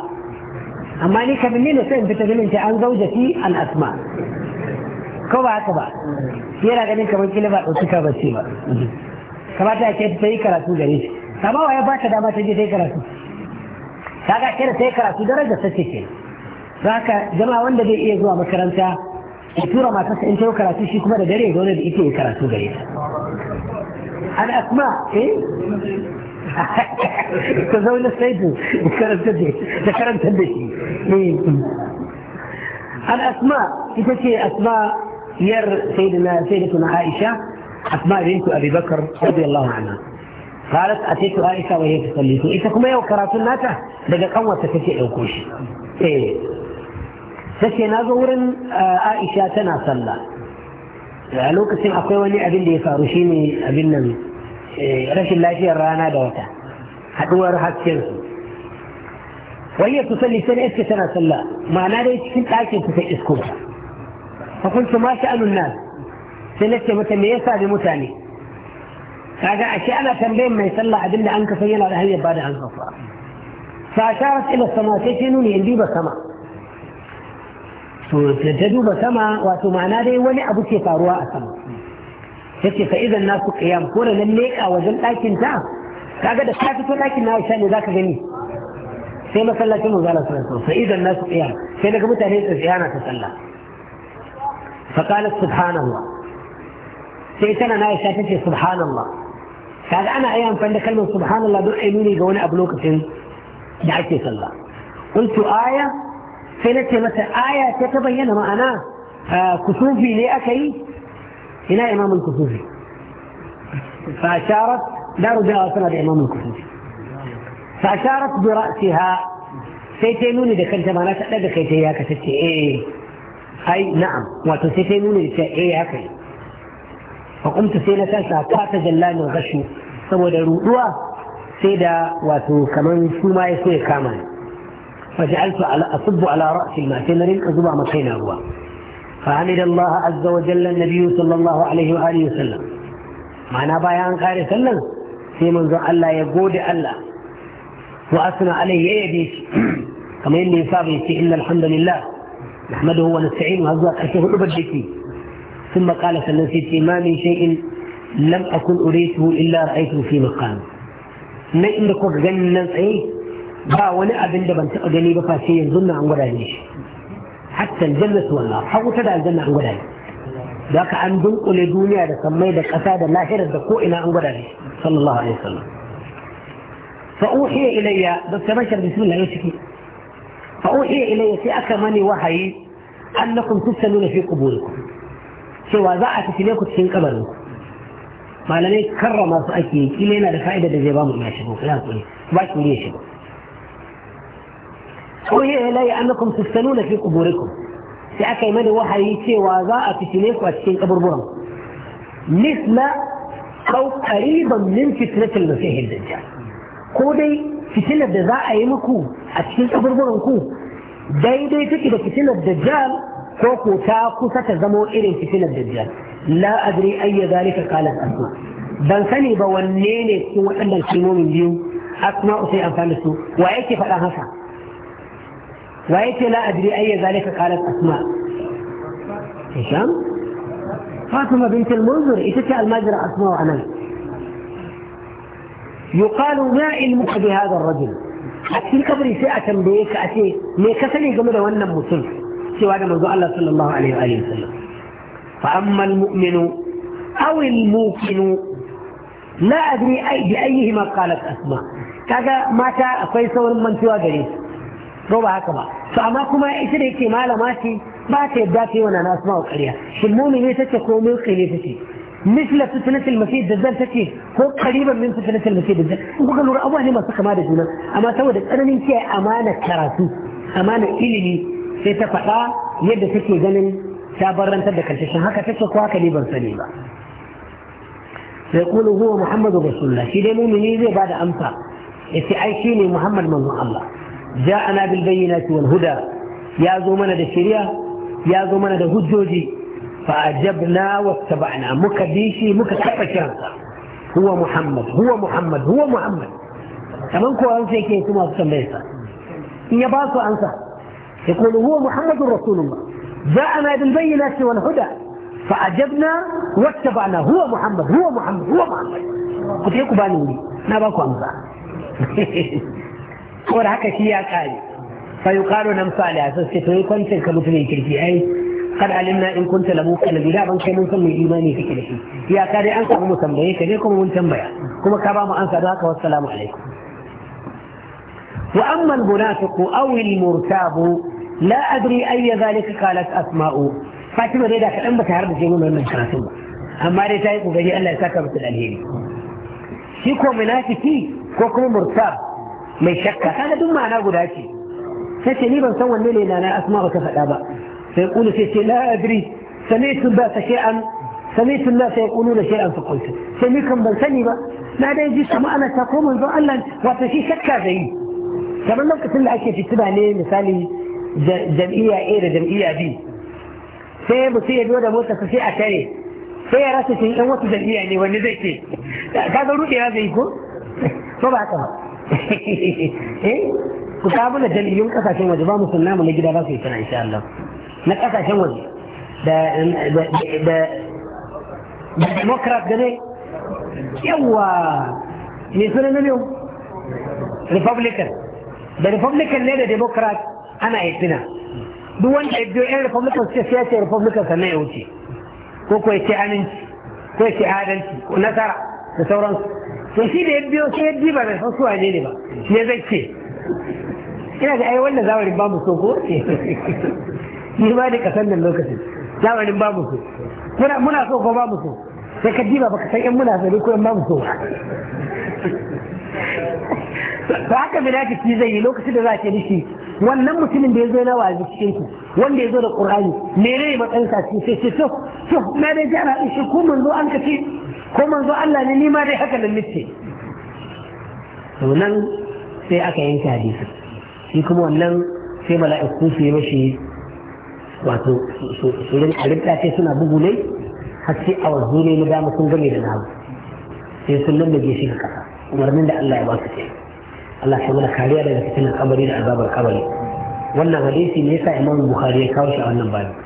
S1: amma ni kamin ne sai in fita ganin ta an zaujati an asma ko ba haka ba yana ganin kamar kila ba ka ba ce ba kamata ya ce ta yi karatu gare shi amma wa ya ba ta dama ta je ta yi karatu kaga ke da ta yi karatu daraja ta ce ke haka jama'a wanda zai iya zuwa makaranta ya tura matarsa in ta yi karatu shi kuma da dare ya zaune da ita ya karatu gare ta على أسماء إيه تزول السيد ذكرت تدي ذكرت تدي إيه على أسماء ير سيدنا سيدتنا عائشة أسماء بنت أبي بكر رضي الله عنها قالت أتيت عائشة وهي تصلي إذا كما يو كراتون ناتا دقا قوة تتكي أوكوش إيه تتكي نازور آه، عائشة تنا صلى a lokacin akwai wani abin da ya faru shine abin nan rashin lafiyar rana da wata haduwar hasken su wai su salli sai ne iske tana sallah ma'ana dai cikin ɗakin ku sai isko fa kun kuntu ma sha'anun nan sai nace mata me yasa da mutane kaga a ashe ana tambayar mai sallah abinda an ka san yana da hanyar da an kafa fa asharat ila sama sai ta nuni in diba sama to ta duba sama wato ma'ana dai wani abu ke faruwa a sama ta ce fa idan nasu qiyam ko da nan wajen ɗakin ta kaga da ka fito ɗakin na Aisha ne zaka gani sai masallacin mu zala sallallahu fa idan nasu qiyam sai daga mutane su tsiyana ta sallah fa qala subhanallah sai tana na Aisha tace subhanallah kaga ana ayi amfani da kalmar subhanallah don ai nuni ga wani abu lokacin da ake sallah qultu aya sai na ce masa aya ce ta bayyana ma'ana kusufi ne aka yi ina imamin kusufi fa sharat daru da suna da imamin kusufi fa sharat bi ra'siha sai ta nuni da kanta ma'ana ta daga kai ta ya haka tace eh ai na'am wato sai ta nuni da ta eh haka yi fa kumta sai na kansa ta ta jallani gashu saboda ruduwa sai da wato kaman su ma ya ya kama ni فجعلت على أصب على رأس الماء تمر أزبع مكينا هو فحمد الله عز وجل النبي صلى الله عليه وآله وسلم معنا بيان قال سلم في منذ الله يقود الله وأثنى عليه يديك [clears throat] كما يلي يصابي إلا الحمد لله نحمده ونستعينه هزوات أشوف أبدك ثم قال سنسيتي ما من شيء لم أكن أريته إلا رأيته في مقام ما إنكم جنة أيه ba wani abin da ban taɓa gani ba face yanzu na an gwada ne shi hatta aljanna su wannan har wuta da aljanna an gwada ne da ka an dunkule duniya da sammai da ƙasa da lahirar da ko ina an gwada ne sallallahu alaihi wasallam fa uhiya ilayya da tabashar bismillah ya ciki fa uhiya ilayya sai aka mani wahayi annakum tusaluna fi quburikum cewa za a tafi ne ku cikin kabarin malamai karrama su ake yi kila yana da fa'ida da zai ba mu ya shigo kula ku ba ki ne shigo وهي إلهي أنكم تستنون في قبوركم في أكي مدوا حيثي وزاء في سنينك وأتشين قبر برم مثل أو قريبا من فتنة المسيح الدجال كودي في سنة بزاء أيمكو أتشين قبر برم كو داي داي تكيب في سنة الدجال كوكو تاكو ستزمو إرين في سنة لا أدري أي ذلك قالت أسماء dan sani ba wanne ne su waɗannan kimomin biyu a suna usai amfani وأيت لا أدري أي ذلك قالت أسماء هشام فاطمة بنت المنذر إتتى المجرى أسماء وأنا يقال ما علمك بهذا الرجل أتي كبري ساعة بيك أتي كسني قمر وانا مسلم سوى هذا منذ الله صلى الله عليه وآله وسلم فأما المؤمن أو الموقن لا أدري أي بأيهما قالت أسماء كذا ما أقوي سور من سوى قريب ko ba haka ba to amma kuma ita da yake malama ce ba ta yadda ta yi wannan asma'u ƙarya shin mu'mini tace ko mulkini tace مثل فتنة المسيح الدجال تكي هو قريبا من فتنة المسيح الدجال وقال له أبوه لما سكى ماذا جنا أما تودت أنا من كي أمانة كراسي أمانة إلي سيتفقى يد تكي جنن سابرا تدك الشيشان هكا تكي قواك ليبا سليبا فيقول هو محمد رسول الله شيء مؤمنين بعد أمسى يتعيشيني محمد من الله جاءنا بالبينات والهدى يا زمن ده شريعة يا زمن ده هجوجي فأجبنا واتبعنا مكديشي مكتب شرطة هو محمد هو محمد هو محمد كمان كو أنسى كي يتم أفسن بيسا إن يباسو أنسى يقول هو محمد رسول الله جاءنا بالبينات والهدى فأجبنا واتبعنا هو محمد هو محمد هو محمد قلت يكو باني ولي نباكو أنسى [laughs] saboda haka shi ya kare fa yuqalu nam salih sai ce to yi kwancin ka mutumin kirki ai kad alimna in kunta lamu kana bi da ban kai mun san mai imani kake da shi ya kare an samu mu tambaye ka ne kuma mun tambaya kuma ka ba mu ansa da haka wassalamu alaikum wa amma al-munafiq aw al-murtab la adri ay dhalika qalat asma'u fatima dai da kadan bata harba sai mun wannan karatu ba amma dai ta yi kokari Allah ya saka mata alheri shi ko munafiki ko kuma murtab mai shakka kaga duk ma'ana guda ce sai ce ni ban san wanne ne na asma ba ta faɗa ba sai kulu sai ce la adri sami'tu ba ta shay'an sami'tu la sai kulu da shay'an fa qultu sai ni kan ban sani ba na dai ji kuma ana ta ko manzo Allah wato shi shakka da yi kamar lokacin da ake fitina ne misali jam'iyya A da jam'iyya B sai mutum ya zo da mota sai a tare sai ya rasa shi ɗan wata jam'iyya ne wanda zai ce ka ga rudewa zai ko ko ba haka ba [laughs] Eh? ku sabu da dalilin kasashen waje ba musulma mu na gida ba su yi tana insha Allah na kasashen waje da da da democrat da ne yawa me suna na yau? republican da republican ne da democrat ana yi tuna duk wanda ya biyo yan republican suke sai ce republican sannan ya wuce ko ko ya ce aminci ko ya ce adalci ko nasara da sauransu to shi da ya biyo sai ya diba da san suwa ne ne ba shi ya zace ina ga ai wannan zamanin babu so ko ni ba da kasan nan lokacin zamanin babu so muna muna so ko babu so sai ka diba baka san in muna so ko in babu so to haka ki zai yi lokacin da za ka dishi wannan mutumin da ya zo na wazi cikin ku wanda ya zo da qur'ani menene matsayin sa ce ce? to to na dai jara shi ku mun zo an ka ce ko manzo Allah ne nima dai haka nan nace to nan sai aka yanke hadisi shi kuma wannan sai mala'iku su yi mashi wato su rin arinta sai suna bugu ne har sai a wanzu ne na dama sun game da namu sai sun nan da je shi ga kasa umarnin da Allah ya ba su ce Allah ya mana kariya daga fitinan kabari da azabar kabari wannan hadisi ne yasa Imam Bukhari ya kawo shi a wannan babu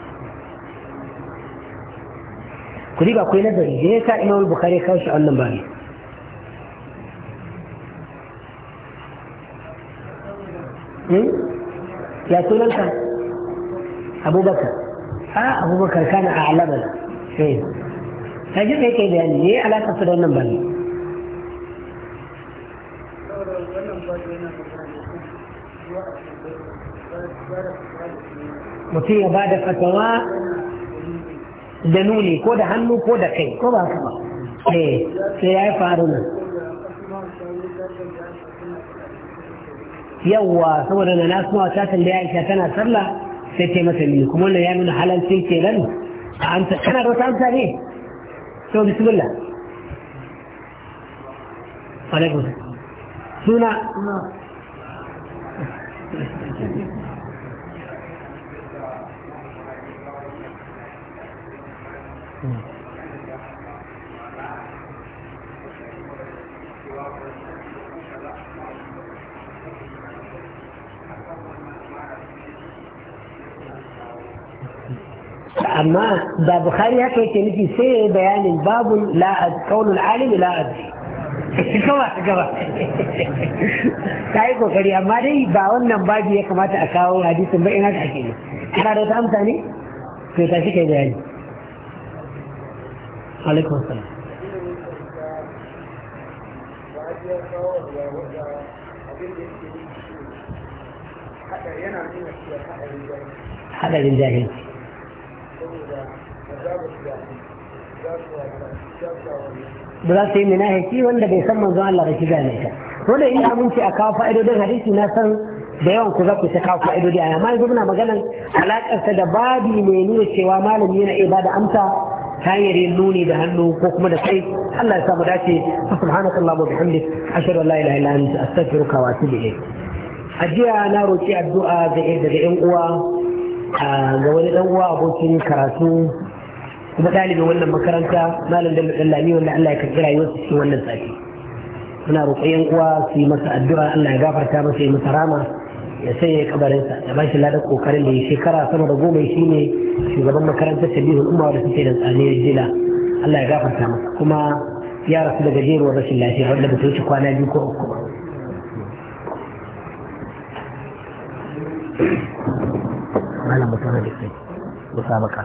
S1: ku riba akwai nazari da ya sa imam bukari kawo shi wannan bari hmm? ya sunanka abubakar a abubakar kana a alabar. sai eh. ta ji kai kai bayani ne alaƙa su da wannan bari mutum ya ba da fatawa da nuni ko da hannu ko da kai ko ba ka ba eh sai ya faru nan yawwa saboda na nasuwa ta tambaya aisha tana sallah sai ta masa ni kuma wannan ya nuna halalcin kenan a an ta kana da wata amsa ne to bismillah alaikum
S2: suna amma ba bukhari
S1: haka yake nufi sai ya yi bayanin babu la'ad kaunul alimi la'ad kawai a gaba ta yi kokari amma dai ba wannan babu ya kamata a kawo hadisin ba ina da ake ne kana da wata amsa ne to ta shi kai bayani alaikum salam hadarin jahilci da za su yi minahici wanda bai san manzon Allah da shiga ne ta wanda ina ce a kawo fa'idodin hadisi na san da yawan ku za ku ta kawo fa'idodi a amma yanzu muna maganan alaƙarsa da babi mai nuna cewa malami yana iya bada amsa ta hanyar yin nuni da hannu ko kuma da sai Allah ya samu dace subhanaka allahumma bihamdik ashhadu an la ilaha illa anta astaghfiruka wa atubu ilayk jiya na roki addu'a da da uwa ga wani dan uwa abokin karatu kuma ɗalibin wannan makaranta malam da lami wannan Allah ya yi wasu cikin wannan sati muna roƙon yan uwa su yi masa addu'a Allah ya gafarta masa ya masa rama ya sanya kabarinsa ya ba shi ladan kokarin da ya shekara sama da goma shi ne shugaban makarantar shabihul umma da suke da tsaniyar jila Allah ya gafarta masa kuma ya rasu da gajeruwar rashin lafiya wanda ba ta wuce kwana biyu ko uku ba
S2: malam mutum da ke musabaka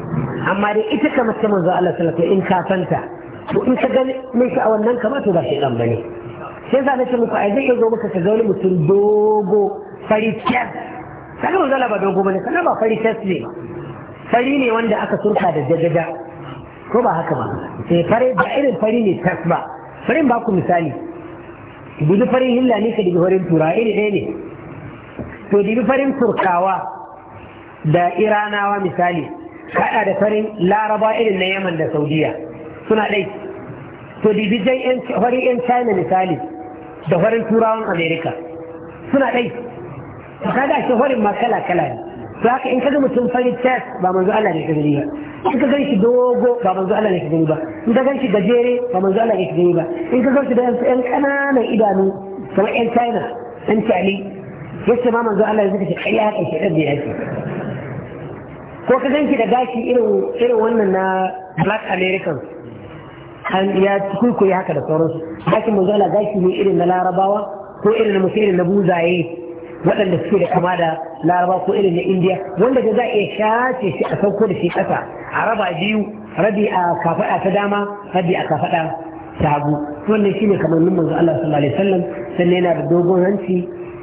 S1: amma dai ita kamar ta manzo Allah sallallahu alaihi in ka santa to in ka ga mai sha'awan wannan kama to ba shi dan bane sai sa nace muku ai zai zo maka ka ga wani mutum dogo fari kyas kaga manzo Allah ba dogo bane kana ba fari kyas ne fari ne wanda aka surka da jajjaja ko ba haka ba sai fare ba irin fari ne tas ba farin ba ku misali dubi farin hilla ne ka dubi farin tura iri ɗaya ne to dubi farin turkawa da iranawa misali haɗa da farin laraba irin na yaman da saudiya suna ɗai to dibijai farin 'yan china misali da farin turawan amerika suna ɗai to kaga shi farin ma kala kala ne to haka in ka kaga mutum farin tas ba manzo Allah ne ka gani ba in ka gan shi dogo ba manzo Allah ne ka gani ba in ka gan shi gajere ba manzo Allah ne ka gani ba in ka gan shi da yan ƙananan idanu kamar 'yan china 'yan tali yace ma manzo Allah ya zaka shi kai haka shi ɗan da yake ko ka ganki da gashi irin wannan na black american an ya haka da sauransu gashin manzo Allah gashi ne irin na larabawa ko irin na irin na buzaye waɗanda suke da kama da laraba ko irin na indiya wanda za a iya shace shi a sauko da shi ƙasa a raba biyu rabi a kafaɗa ta dama rabi a kafaɗa ta tagu wannan shine kamannin manzo Allah sallallahu alaihi wasallam sannan yana da dogon hanci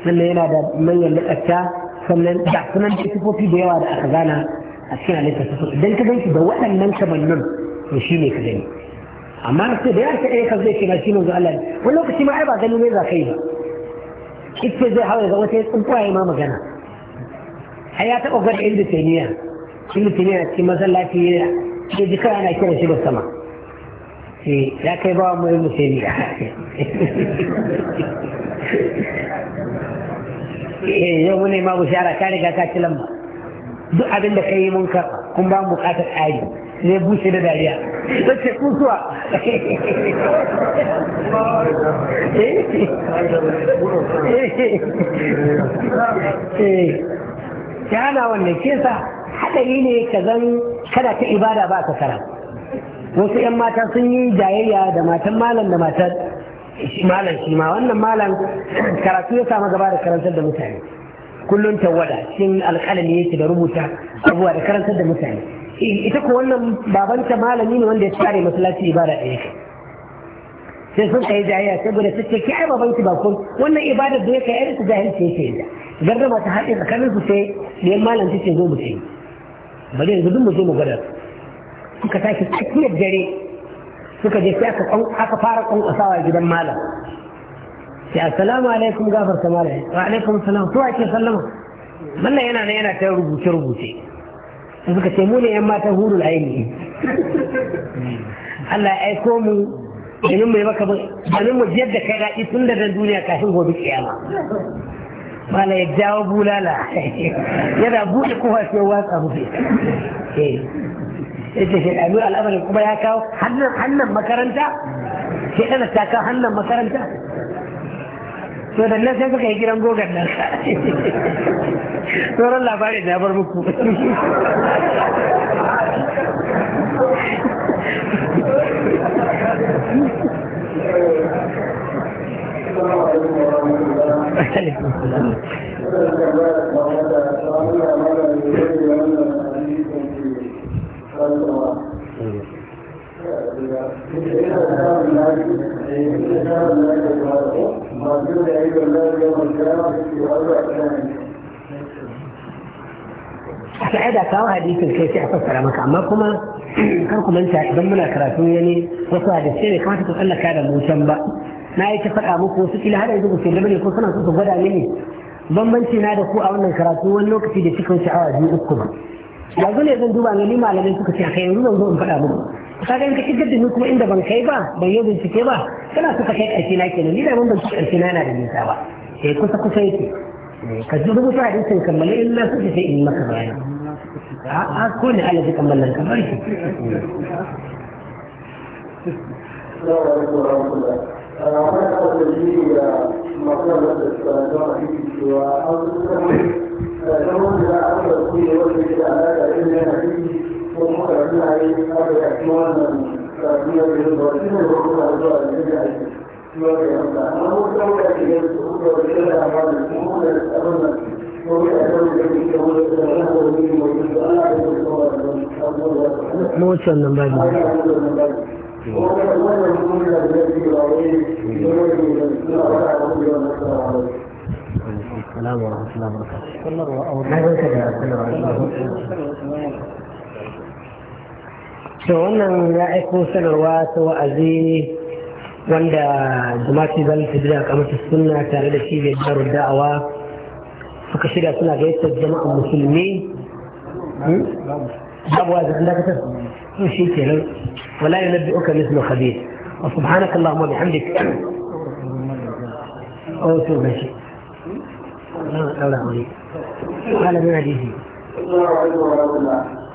S1: sannan yana da manyan lakacca sannan da sunan da sifofi da yawa da aka gana a cikin halitta ta idan ka ganki da waɗannan kamannin to shi ne ka gani amma sai da ya ta ɗaya kan zai kira shi manzo Allah wani lokaci ma ai ba gani ne za ka yi ba ita zai hawa ga wata tsuntsaye ma magana ai ya taɓa gwada inda taimiya inda taimiya cikin masallaci ya ce jika ana kiran shi da sama ya kai ba mu yin taimiya yau mu ne ma bushara ka riga ka ci lamba duk abin da kai mun kun ba mu bukatar ayi ne bushe da dariya
S2: ce kusuwa [laughs] eh? Eh. Eh. ya hana
S1: wannan ke sa haɗari ne ka zan kada ta ibada ba ka kara wasu 'yan mata sun yi jayayya da matan malam da matan malam shi ma wannan malam karatu ya samu gaba da karantar da mutane kullum tawada cikin alƙalami yake da rubuta abubuwa da karantar da mutane eh, ita ko wannan babanta malami ne wanda ya tsare masallaci ibada ɗaya sai sun kai jayayya saboda ta ce ki ai babanki ba kun wannan ibadar da ya kai ai su jahilci yake yi gargama ta haɗe tsakanin su sai da yan malam ce zo mu ce bari yanzu duk mu zo mu gwada suka tashi tsakiyar dare suka je sai aka fara kwankwasawa gidan malam sai assalamu alaikum gafar kamala wa alaikum salam to ake sallama mallan yana nan yana ta rubuce rubuce suka ce mu ne yan mata hurul aini
S2: [laughs]
S1: Allah ya aiko mu domin mai maka domin mu yadda kai daɗi tun da dan duniya kafin gobe kiyama mala ya jawo bulala [laughs] yana buɗe kofa sai watsa rufe ita shi ɗalu al'amarin kuma ya kawo Hannan makaranta ke ɗana ta kawo hannan makaranta to da nan sai suka yi gidan gogan nan sauran labarin ya bar
S2: muku Thank you. a
S1: sa'ida kawo hadisin kai sai a fassara maka amma kuma kan ku manta idan muna karatu ya ne wasu hadisai ne kamata ku tsallaka da mutan ba na yi ta faɗa muku wasu kila har yanzu ku ce ne ko suna so su gwada mini bambanci na da ku a wannan karatu wani lokaci da cikin sha'awa biyu uku ba yanzu ne zan duba ne ni malamai suka ce a kai yanzu zan zo in faɗa muku kaga in ka shigar da ni kuma inda ban kai ba ban yi bincike ba kana so ka kai ƙarshe na kenan ni da ban ban ƙarshe na yana da nisa ba eh kusa kusa yake ka ji rubuta hadisin kammala in na suke sai in maka bayani a ko ne Allah zai kammala ka bari shi
S2: السلام عليكم ورحمة الله. أنا أعرف أن الجيل مقال الاستاذ في وأعرف أنه لو أن أعرف أن الجيل وجد على علم الحديث kuma da suna yi aka kashi wannan karfiya da yin ba shi ne da kuma zuwa da yin aiki shi ba da yanka amma ko ta wuka ke yin su da wani da amma da kuma da abin nan ko ya ta wuka ke yin wani da wani da wani da wani da ana da wani da wani da wani da wani sannan ba ne wannan wannan kuma da zai yi ba wai da wani da suna wani abu da wani da wani السلام ورحمة الله وبركاته. to wannan ya aiko
S1: sanarwa ta wa'azi wanda jama'atin zan ta bida kamata suna tare da shi da jaru da'awa suka shirya suna gaisar jama'an musulmi babu wa zan dakatar to shi kenan wala yunabbi'uka mislu khabir wa subhanaka allahumma bihamdik
S2: أو شو ماشي لا لا لا لا لا لا لا